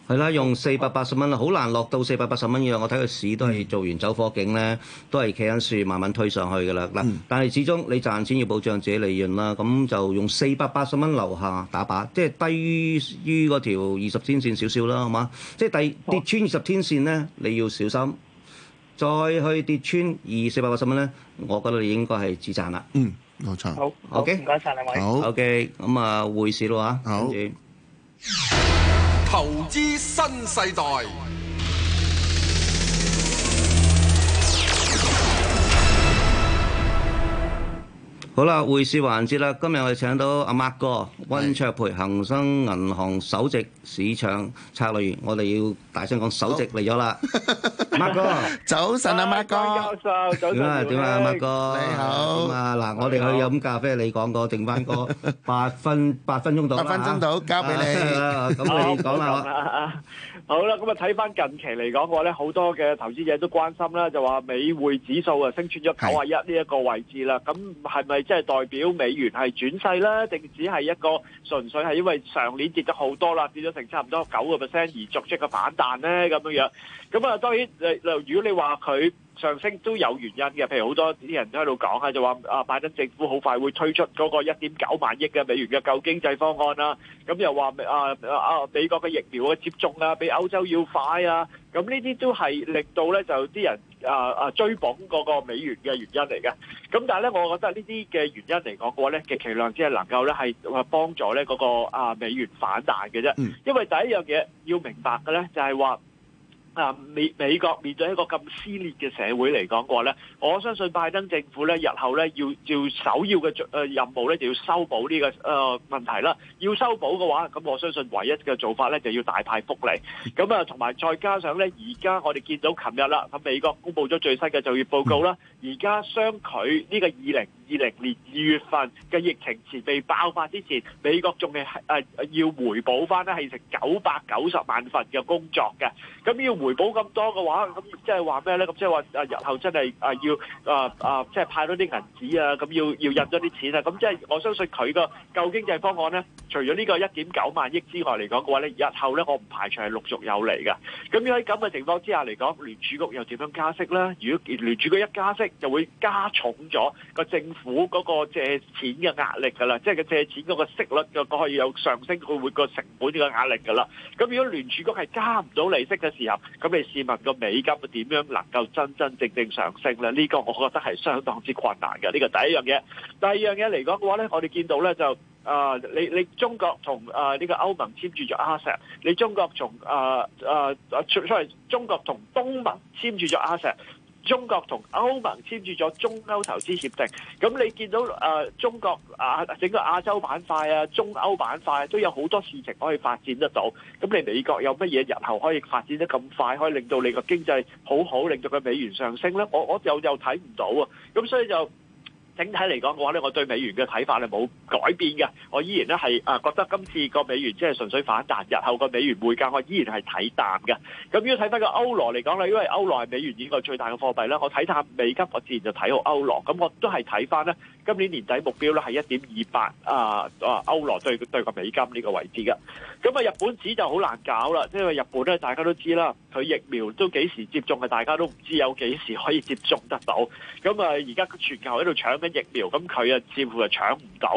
係啦，嗯、用四百八十蚊啦，好、嗯、難落到四百八十蚊嘅。我睇個市都係做完走火警咧，都係企緊樹，慢慢推上去㗎啦。嗱、嗯，但係始終你賺錢要保障自己利潤啦。咁就用四百八十蚊留下打靶，即係低於嗰條二十天線少少啦，好嘛？即係跌、嗯、跌穿二十天線咧，你要小心。再去跌穿二四百八十蚊咧，我覺得你應該係止賺啦。嗯，冇錯。好，OK，唔該曬兩位。好，OK，咁啊，會市咯。嚇。好。投資新世代。好啦，會事環節啦，今日我哋請到阿 Mark 哥，温卓培，恒生銀行首席市場策略員，我哋要大聲講首席嚟咗啦。Mark 哥，早晨啊，好啦，咁啊睇翻近期嚟講嘅話咧，好多嘅投資者都關心啦，就話美匯指數啊，升穿咗九啊一呢一個位置啦，咁係咪即係代表美元係轉勢咧，定只係一個純粹係因為上年跌咗好多啦，跌咗成差唔多九個 percent 而作出嘅反彈咧？咁樣樣。咁啊，當然，就如果你話佢上升都有原因嘅，譬如好多啲人都喺度講啊，就話啊，拜登政府好快會推出嗰個一點九萬億嘅美元嘅救經濟方案啦。咁又話啊啊，美國嘅疫苗嘅接種啊，比歐洲要快啊。咁呢啲都係令到咧就啲人啊啊追捧嗰個美元嘅原因嚟嘅。咁但係咧，我覺得呢啲嘅原因嚟講嘅話咧，極其量只係能夠咧係幫助咧嗰個啊美元反彈嘅啫。因為第一樣嘢要明白嘅咧，就係話。啊美美國面對一個咁撕裂嘅社會嚟講嘅話咧，我相信拜登政府咧日後咧要要首要嘅作、呃、任務咧就要修補呢、這個誒、呃、問題啦。要修補嘅話，咁我相信唯一嘅做法咧就要大派福利。咁啊，同埋再加上咧，而家我哋見到琴日啦，咁美國公佈咗最新嘅就業報告啦，而家相距呢個二零。二零年二月份嘅疫情前被爆發之前，美國仲係誒要回補翻咧，係成九百九十萬份嘅工作嘅。咁要回補咁多嘅話，咁即係話咩咧？咁即係話誒日後真係誒要誒誒，即係派多啲銀紙啊，咁要要印咗啲錢啊。咁即係我相信佢個救經濟方案咧，除咗呢個一點九萬億之外嚟講嘅話咧，日後咧我唔排除係陸續有嚟嘅。咁喺咁嘅情況之下嚟講，聯儲局又點樣加息咧？如果聯儲局一加息，就會加重咗個政。政府嗰個借錢嘅壓力噶啦，即係佢借錢嗰個息率又可以有上升，佢會個成本呢個壓力噶啦。咁如果聯儲局係加唔到利息嘅時候，咁你試問個美金點樣能夠真真正正上升咧？呢、呢個我覺得係相當之困難嘅。呢個第一樣嘢，第二樣嘢嚟講嘅話咧，我哋見到咧就啊、呃，你你中國同啊呢個歐盟簽住咗 R 石，你中國、呃、et, 你中國從啊啊出出嚟，中國同東盟簽住咗 R 石。中國同歐盟簽署咗中歐投資協定，咁你見到誒、呃、中國啊，整個亞洲板塊啊，中歐板塊、啊、都有好多事情可以發展得到，咁你美國有乜嘢日後可以發展得咁快，可以令到你個經濟好好，令到個美元上升呢？我我又又睇唔到啊，咁所以就。整體嚟講嘅話咧，我對美元嘅睇法係冇改變嘅，我依然咧係啊覺得今次個美元即係純粹反彈，日後個美元匯價我依然係睇淡嘅。咁如果睇翻個歐羅嚟講咧，因為歐羅係美元以外最大嘅貨幣啦，我睇淡美金，我自然就睇好歐羅。咁我都係睇翻咧。今年年底目標咧係一點二八啊啊歐羅對對個美金呢個位置嘅，咁啊日本紙就好難搞啦，因為日本咧大家都知啦，佢疫苗都幾時接種啊，大家都唔知有幾時可以接種得到。咁啊而家全球喺度搶緊疫苗，咁佢啊似乎係搶唔到。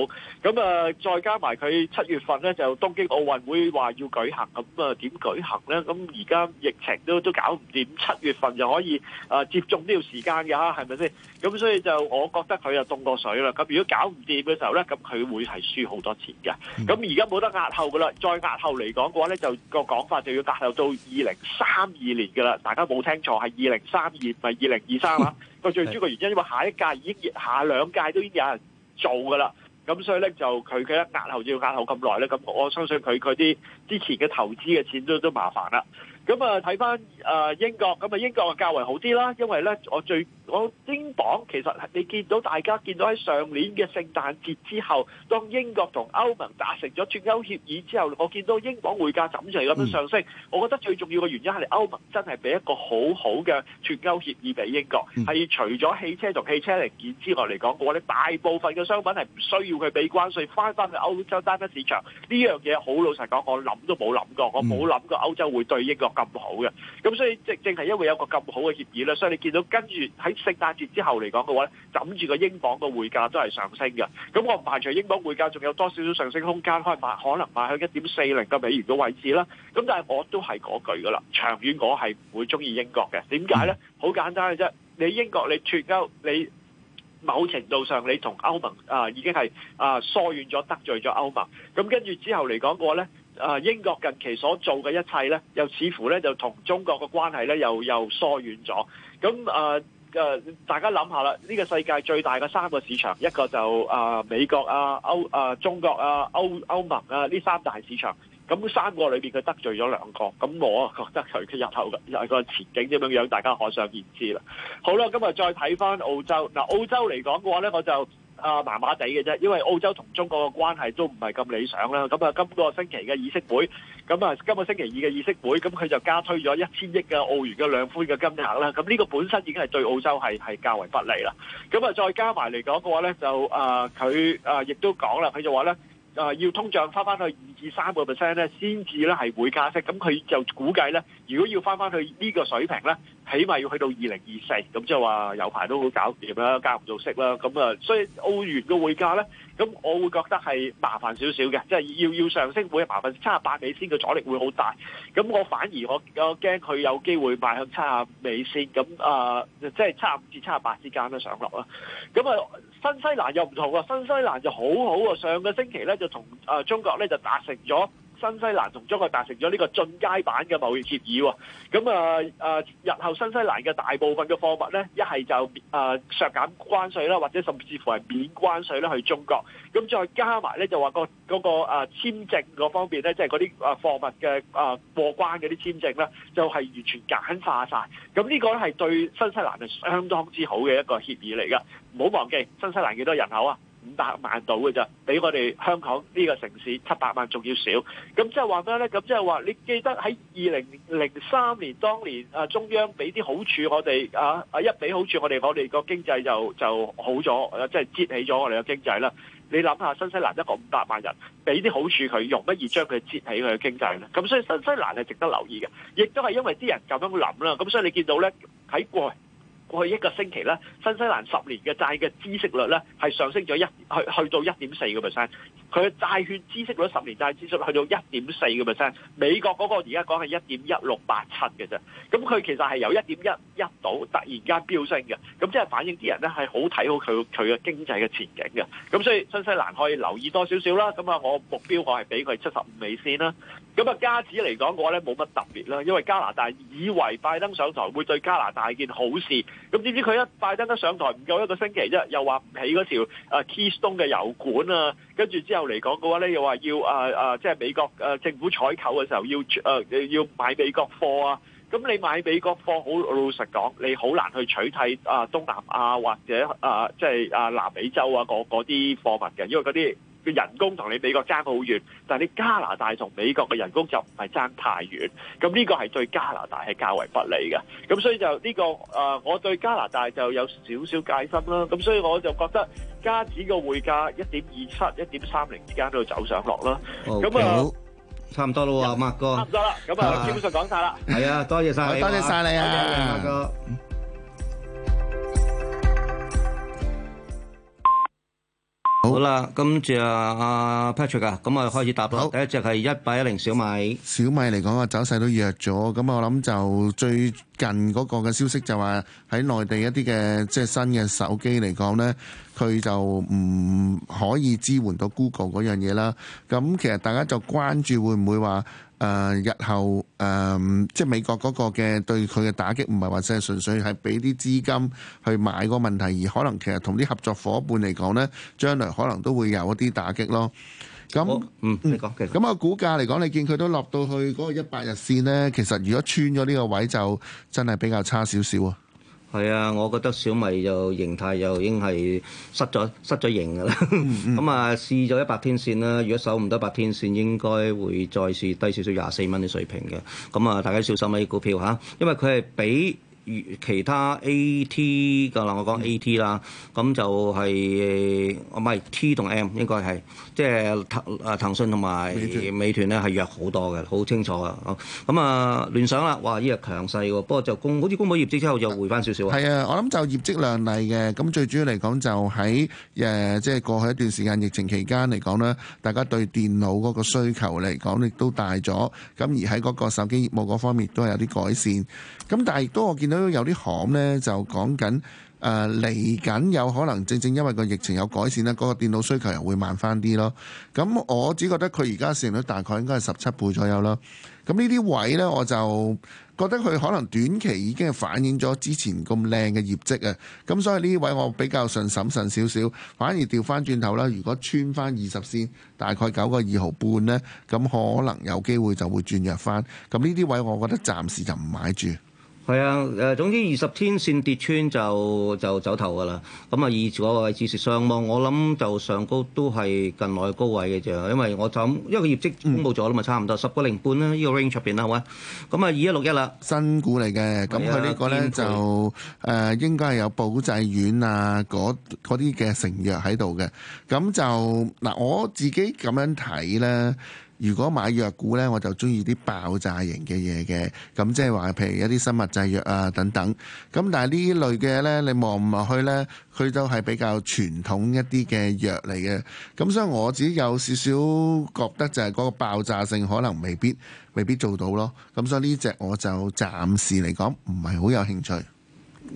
咁啊再加埋佢七月份咧就東京奧運會話要舉行，咁啊點舉行咧？咁而家疫情都都搞唔掂，七月份就可以啊接種呢個時間嘅嚇，係咪先？咁所以就我覺得佢又凍過水。咁如果搞唔掂嘅時候咧，咁佢會係輸好多錢嘅。咁而家冇得押後噶啦，再押後嚟講嘅話咧，就個講法就要押後到二零三二年噶啦。大家冇聽錯，係二零三二唔係二零二三啦。個最主要原因因為下一屆已經下兩屆都已經有人做噶啦，咁所以咧就佢嘅押後就要押後咁耐咧，咁我相信佢佢啲之前嘅投資嘅錢都都麻煩啦。咁啊，睇翻誒英國，咁啊英國啊較為好啲啦，因為咧我最我英鎊其實你見到大家見到喺上年嘅聖誕節之後，當英國同歐盟達成咗脱歐協議之後，我見到英鎊匯價枕住咁樣上升，嗯、我覺得最重要嘅原因係歐盟真係俾一個好好嘅脱歐協議俾英國，係、嗯、除咗汽車同汽車零件之外嚟講嘅話，咧大部分嘅商品係唔需要佢俾關稅，翻返去歐洲單一市場呢樣嘢好老實講，我諗都冇諗過，我冇諗過歐洲會對英國。咁好嘅，咁所以正正係因為有個咁好嘅協議咧，所以你見到跟住喺聖誕節之後嚟講嘅話咧，枕住個英鎊個匯價都係上升嘅。咁我唔排除英鎊匯價仲有多少少上升空間，可能賣可能賣去一點四零嘅美元嘅位置啦。咁但係我都係嗰句噶啦，長遠我係唔會中意英國嘅。點解咧？好簡單嘅啫，你英國你脱歐，你某程度上你同歐盟啊、呃、已經係啊、呃、疏遠咗，得罪咗歐盟。咁、嗯、跟住之後嚟講嘅話咧。啊！英國近期所做嘅一切咧，又似乎咧就同中國嘅關係咧，又又疏遠咗。咁啊啊，大家諗下啦，呢、這個世界最大嘅三個市場，一個就啊、呃、美國啊、歐啊、呃、中國啊、歐歐盟啊，呢三大市場。咁三個裏邊佢得罪咗兩個，咁我覺得佢嘅日後嘅個前景點樣樣，大家可想而知啦。好啦，今日再睇翻澳洲。嗱、呃，澳洲嚟講嘅話咧，我就。啊，麻麻地嘅啫，因為澳洲同中國嘅關係都唔係咁理想啦。咁、嗯、啊，今、這個星期嘅議息會，咁、嗯、啊，今、這個星期二嘅議息會，咁、嗯、佢就加推咗一千億嘅澳元嘅量寬嘅金額啦。咁、嗯、呢、這個本身已經係對澳洲係係較為不利啦。咁、嗯、啊，再加埋嚟講嘅話咧，就啊，佢、呃、啊、呃，亦都講啦，佢就話咧，啊、呃，要通脹翻翻去二至三個 percent 咧，先至咧係會加息。咁、嗯、佢就估計咧，如果要翻翻去呢個水平咧。起碼要去到二零二四，咁即係話有排都好搞掂啦，加唔到息啦，咁啊，所以澳元嘅匯價咧，咁我會覺得係麻煩少少嘅，即係要要上升會麻煩，七十八美仙嘅阻力會好大，咁我反而我我驚佢有機會賣向七十五美仙，咁啊即係七十五至七十八之間咧上落啦，咁啊新西蘭又唔同啊，新西蘭就好好啊，上個星期咧就同啊、呃、中國咧就達成咗。新西蘭同中國達成咗呢個進階版嘅貿易協議喎，咁啊啊，日後新西蘭嘅大部分嘅貨物咧，一係就啊、呃、削減關稅啦，或者甚至乎係免關稅啦去中國，咁再加埋咧就話、個嗰、個啊簽證嗰方面咧，即係嗰啲啊貨物嘅啊過關嗰啲簽證咧，就係、係、完全簡化晒。咁呢個咧係對新西蘭係相當之好嘅一個協議嚟噶，唔好忘記新西蘭幾多人口啊！五百萬度嘅咋，比我哋香港呢個城市七百萬仲要少。咁即係話咩咧？咁即係話你記得喺二零零三年當年啊，中央俾啲好處我哋啊啊一俾好處我哋，我哋個經濟就就好咗，即係擠起咗我哋嘅經濟啦。你諗下新西蘭一個五百萬人，俾啲好處佢，容乜易將佢擠起佢嘅經濟咧？咁所以新西蘭係值得留意嘅，亦都係因為啲人咁樣諗啦。咁所以你見到咧喺過過去一個星期咧，新西蘭十年嘅債嘅孳息率咧係上升咗一去去到一點四個 percent。佢嘅債券孳息率十年債孳息率去到一點四個 percent。美國嗰個而家講係一點一六八七嘅啫。咁佢其實係由一點一一度突然間飆升嘅。咁即係反映啲人咧係好睇好佢佢嘅經濟嘅前景嘅。咁所以新西蘭可以留意多少少啦。咁啊，我目標我係俾佢七十五美仙啦。咁啊，加指嚟講嘅話咧，冇乜特別啦，因為加拿大以為拜登上台會對加拿大係件好事，咁點知佢一拜登一上台唔夠一個星期，一又話唔起嗰條啊 Keystone 嘅油管啊，跟住之後嚟講嘅話咧，又話要啊啊，即、啊、係、就是、美國誒、啊、政府採購嘅時候要誒、啊、要買美國貨啊，咁你買美國貨好老實講，你好難去取締啊東南亞或者啊即係啊南美洲啊嗰啲貨物嘅，因為嗰啲。嘅人工同你美國爭好遠，但係你加拿大同美國嘅人工就唔係爭太遠，咁呢個係對加拿大係較為不利嘅，咁所以就呢、呢個啊、呃，我對加拿大就有少少戒心啦，咁所以我就覺得加紙個匯價一點二七、一點三零之間都要走上落咯。好 Okay.、呃，好，差唔多咯喎，麥哥。差唔多啦，咁、呃、啊，基本上講晒啦。係啊，多謝晒。多謝晒你啊，麥哥。好啦，跟住阿阿 Patrick 啊，咁啊開始答啦。第一隻係一八一零小米。小米嚟講啊，走勢都弱咗。咁我諗就最近嗰個嘅消息就話喺內地一啲嘅即係新嘅手機嚟講呢，佢就唔可以支援到 Google 嗰樣嘢啦。咁其實大家就關注會唔會話，誒、呃，日後誒、呃，即係美國嗰個嘅對佢嘅打擊，唔係話淨係純粹係俾啲資金去買個問題，而可能其實同啲合作伙伴嚟講呢，將來可能都會有一啲打擊咯。咁，嗯，你咁個股價嚟講，你見佢都落到去嗰個一百日線呢，其實如果穿咗呢個位，就真係比較差少少啊。係啊，我覺得小米就形態又已經係失咗失咗形噶啦。咁 啊，試咗一百天線啦，如果守唔得一百天線，應該會再試低少少廿四蚊嘅水平嘅。咁啊，大家小心啲股票吓，因為佢係比。其他 A.T. 噶啦，我講 A.T. 啦、嗯，咁就係唔係 T 同 M 應該係，嗯、即係騰誒騰訊同埋美團咧係弱好多嘅，好清楚、嗯、啊！咁啊聯想啦，哇呢日強勢喎，不過就公好似公布業績之後又回翻少少，係啊，我諗就業績亮麗嘅，咁最主要嚟講就喺誒即係過去一段時間疫情期間嚟講咧，大家對電腦嗰個需求嚟講亦都大咗，咁而喺嗰個手機業務嗰方面都係有啲改善，咁但係亦都我見到。都有啲行咧，就講緊誒嚟緊有可能正正因為個疫情有改善咧，嗰個電腦需求又會慢翻啲咯。咁我只覺得佢而家市盈率大概應該係十七倍左右啦。咁呢啲位呢，我就覺得佢可能短期已經係反映咗之前咁靚嘅業績啊。咁所以呢啲位我比較慎審慎少少，反而調翻轉頭啦。如果穿翻二十線，大概九個二毫半呢，咁可能有機會就會轉弱翻。咁呢啲位我覺得暫時就唔買住。係啊，誒總之二十天線跌穿就就走頭噶啦。咁啊，以個位置上望，我諗就上高都係近來高位嘅啫。因為我諗，因為佢業績公布咗啦，嘛、嗯，差唔多十個零半啦。呢、呢個 range 出邊啦，好啊。咁啊，二一六一啦，新股嚟嘅。咁佢呢個咧就誒應該係有保濟丸啊，嗰啲嘅成藥喺度嘅。咁就嗱、呃，我自己咁樣睇咧，如果買藥股呢，我就中意啲爆炸型嘅嘢嘅，咁即係話譬如一啲生物製藥啊等等，咁但係呢類嘅呢，你望唔落去呢，佢都係比較傳統一啲嘅藥嚟嘅，咁所以我自己有少少覺得就係嗰個爆炸性可能未必未必做到咯，咁所以呢隻我就暫時嚟講唔係好有興趣。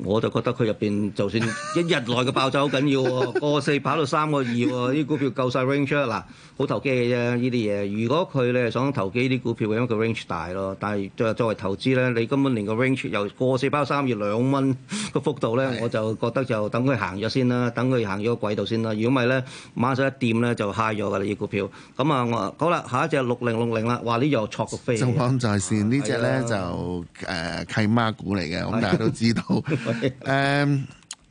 我就覺得佢入邊就算一日內嘅爆炸好緊要喎、啊，過四跑到三個二喎、啊，啲股票夠晒 range 啦、啊，嗱，好投機嘅啫呢啲嘢。如果佢咧想投機啲股票，因為佢 range 大咯。但係作作為投資咧，你根本連個 range 又過四跑到三月兩蚊個幅度咧，是我就覺得就等佢行咗先啦，等佢行咗個軌道先啦。如果唔係咧，晚上一跌咧就蝦咗㗎啦啲股票。咁啊，我好啦，下一隻六零六零啦，話呢又挫飛。眾安在線、啊啊、隻呢隻咧就誒契、呃、媽股嚟嘅，咁大家都知道。 誒，Okay. uh,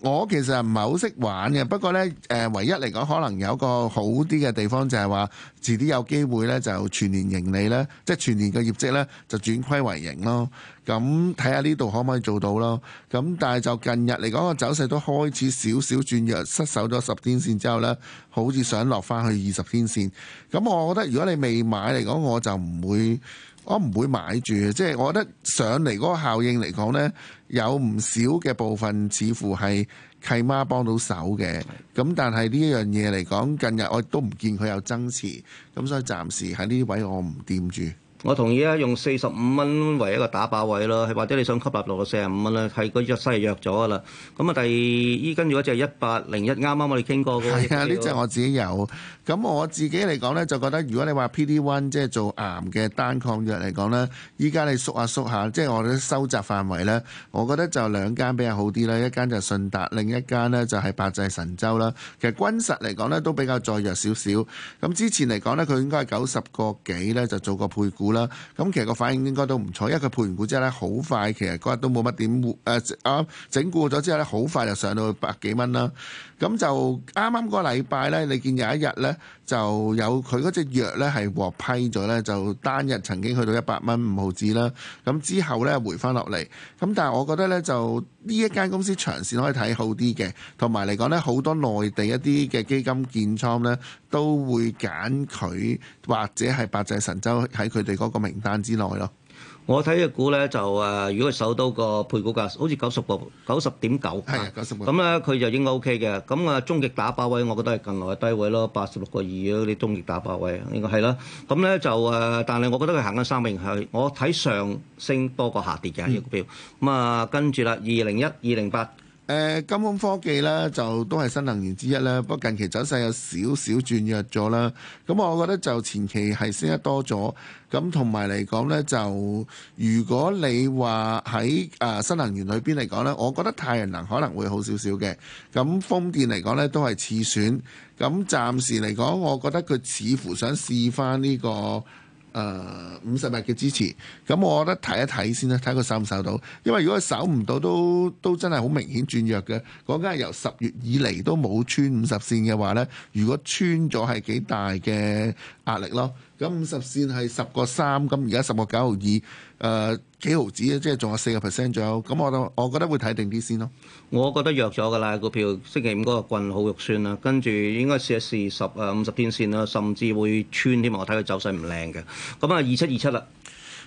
我其實唔係好識玩嘅，不過呢，誒、呃，唯一嚟講可能有一個好啲嘅地方就係話遲啲有機會呢就全年盈利呢即係全年嘅業績呢就轉虧為盈咯。咁睇下呢度可唔可以做到咯？咁但係就近日嚟講，個走勢都開始少少轉弱，失守咗十天線之後呢，好似想落翻去二十天線。咁我覺得如果你未買嚟講，我就唔會。我唔會買住，即係我覺得上嚟嗰個效應嚟講呢，有唔少嘅部分似乎係契媽幫到手嘅，咁是的 但係呢一樣嘢嚟講，近日我都唔見佢有增持，咁所以暫時喺呢啲位我唔掂住。我同意啊，用四十五蚊為一個打靶位咯，或者你想吸納落去四十五蚊咧，係個約西約咗啦。咁啊，第依跟住嗰隻一百零一，啱啱我哋傾過。係啊，呢隻我自己有。咁我自己嚟講呢，就覺得如果你話 PD One 即係做癌嘅單抗藥嚟講呢，依家你縮下縮下，即係我哋收窄範圍呢，我覺得就兩間比較好啲啦。一間就信達，另一間呢就係百濟神州啦。其實君實嚟講呢，都比較再弱少少。咁之前嚟講呢，佢應該係九十個幾呢，就做個配股。啦，咁其實個反應應該都唔錯，因為佢配完股之後咧，好快其實嗰日都冇乜點誒啊，整固咗之後咧，好快就上到去百幾蚊啦。咁就啱啱個禮拜咧，你見有一日咧。就有佢嗰隻藥呢係獲批咗呢，就單日曾經去到一百蚊五毫紙啦。咁之後呢，回翻落嚟。咁但係我覺得呢，就呢一間公司長線可以睇好啲嘅，同埋嚟講呢，好多內地一啲嘅基金建倉呢，都會揀佢或者係百濟神州喺佢哋嗰個名單之內咯。我睇嘅股咧就誒、呃，如果首都個配股價，好似九十個九十點九，係九十咁咧，佢就應該 O K 嘅。咁啊，終極打靶位，我覺得係近來嘅低位咯，八十六個二嗰啲終極打靶位，應該係啦。咁咧就誒、呃，但係我覺得佢行緊三名去，我睇上升多過下跌嘅呢個股票。咁、嗯、啊，跟住啦，二零一二零八。呃、金風科技咧就都係新能源之一啦。不過近期走勢有少少轉弱咗啦。咁我覺得就前期係升得多咗，咁同埋嚟講呢，就如果你話喺誒新能源裏邊嚟講呢，我覺得太陽能可能會好少少嘅。咁風電嚟講呢，都係次選。咁暫時嚟講，我覺得佢似乎想試翻呢個。誒五十日嘅支持，咁我覺得睇一睇先啦，睇佢守唔守到。因為如果守唔到，都都真係好明顯轉弱嘅。講緊係由十月以嚟都冇穿五十線嘅話呢，如果穿咗係幾大嘅壓力咯。咁五十線係十個三，咁而家十個九毫二。誒、呃、幾毫子啊，即係仲有四個 percent 左右，咁我我覺得會睇定啲先咯。我覺得弱咗㗎啦，個票星期五嗰個棍好肉酸啦，跟住應該試一試十誒五十天線啦，甚至會穿添啊！我睇佢走勢唔靚嘅，咁啊二七二七啦，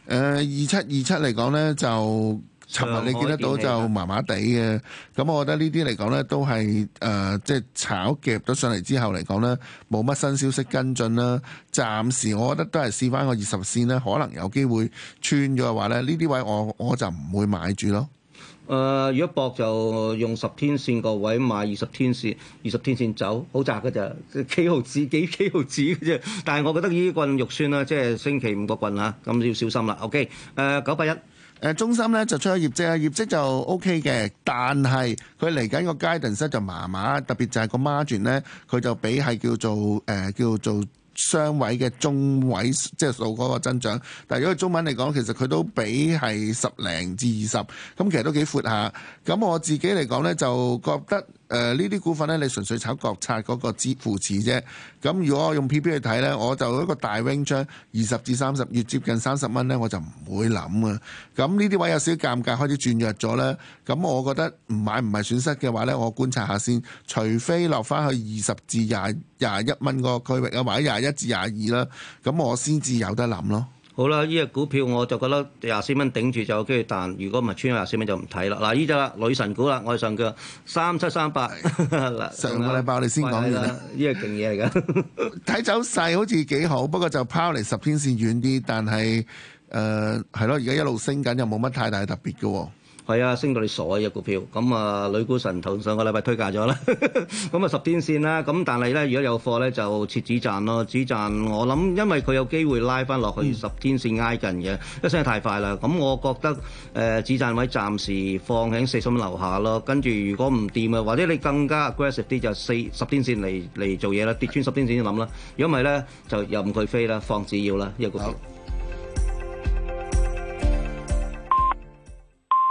誒二七二七嚟講咧就。尋日你見得到就麻麻地嘅，咁、嗯、我覺得呢啲嚟講咧都係誒、呃，即係炒夾咗上嚟之後嚟講咧，冇乜新消息跟進啦。暫時我覺得都係試翻個二十線咧，可能有機會穿咗嘅話咧，呢啲位我我就唔會買住咯。誒、呃，如果搏就用十天線個位買二十天線，二十天線走好窄嘅啫，幾毫子幾幾毫子啫。但係我覺得呢棍肉酸啦，即係星期五個棍嚇，咁、啊、要小心啦。OK，誒九八一。誒中心咧就出咗業績啊，業績就 O K 嘅，但係佢嚟緊個階段室就麻麻，特別就係個 margin 咧，佢就比係叫做誒、呃、叫做雙位嘅中位，即係數嗰個增長。但係如果中文嚟講，其實佢都比係十零至二十，咁其實都幾闊下。咁我自己嚟講咧，就覺得。誒呢啲股份咧，你純粹炒國策嗰個扶持啫。咁如果我用 P P 去睇咧，我就一個大 range，二十至三十，越接近三十蚊咧，我就唔會諗啊。咁呢啲位有少少尷尬，開始轉弱咗咧。咁我覺得唔買唔係損失嘅話咧，我觀察下先。除非落翻去二十至廿廿一蚊嗰個區域，或者廿一至廿二啦，咁我先至有得諗咯。好啦，呢、隻股票我就覺得廿四蚊頂住就有機會，但如果唔係穿廿四蚊就唔睇啦。嗱、啊，呢就係女神股啦，我上嘅三七三八， 上個禮拜我哋先講呢啦，呢勁嘢嚟噶。睇、這個、 走勢好似幾好，不過就拋離十天線遠啲，但係誒係咯，而、呃、家一路升緊，又冇乜太大特別嘅、哦。係啊，升到你傻啊！一個股票咁啊，女股神頭上個禮拜推介咗啦。咁啊，十天線啦。咁但係咧，如果有貨咧，就設止賺咯。止賺我諗，因為佢有機會拉翻落去十天線挨近嘅，因為升得太快啦。咁我覺得誒止賺位暫時放喺四十蚊樓下咯。跟住如果唔掂啊，或者你更加 aggressive 啲，就四十天線嚟嚟做嘢啦。跌穿十天線就諗啦。如果唔係咧，就任佢飛啦，放止要啦。一個股票。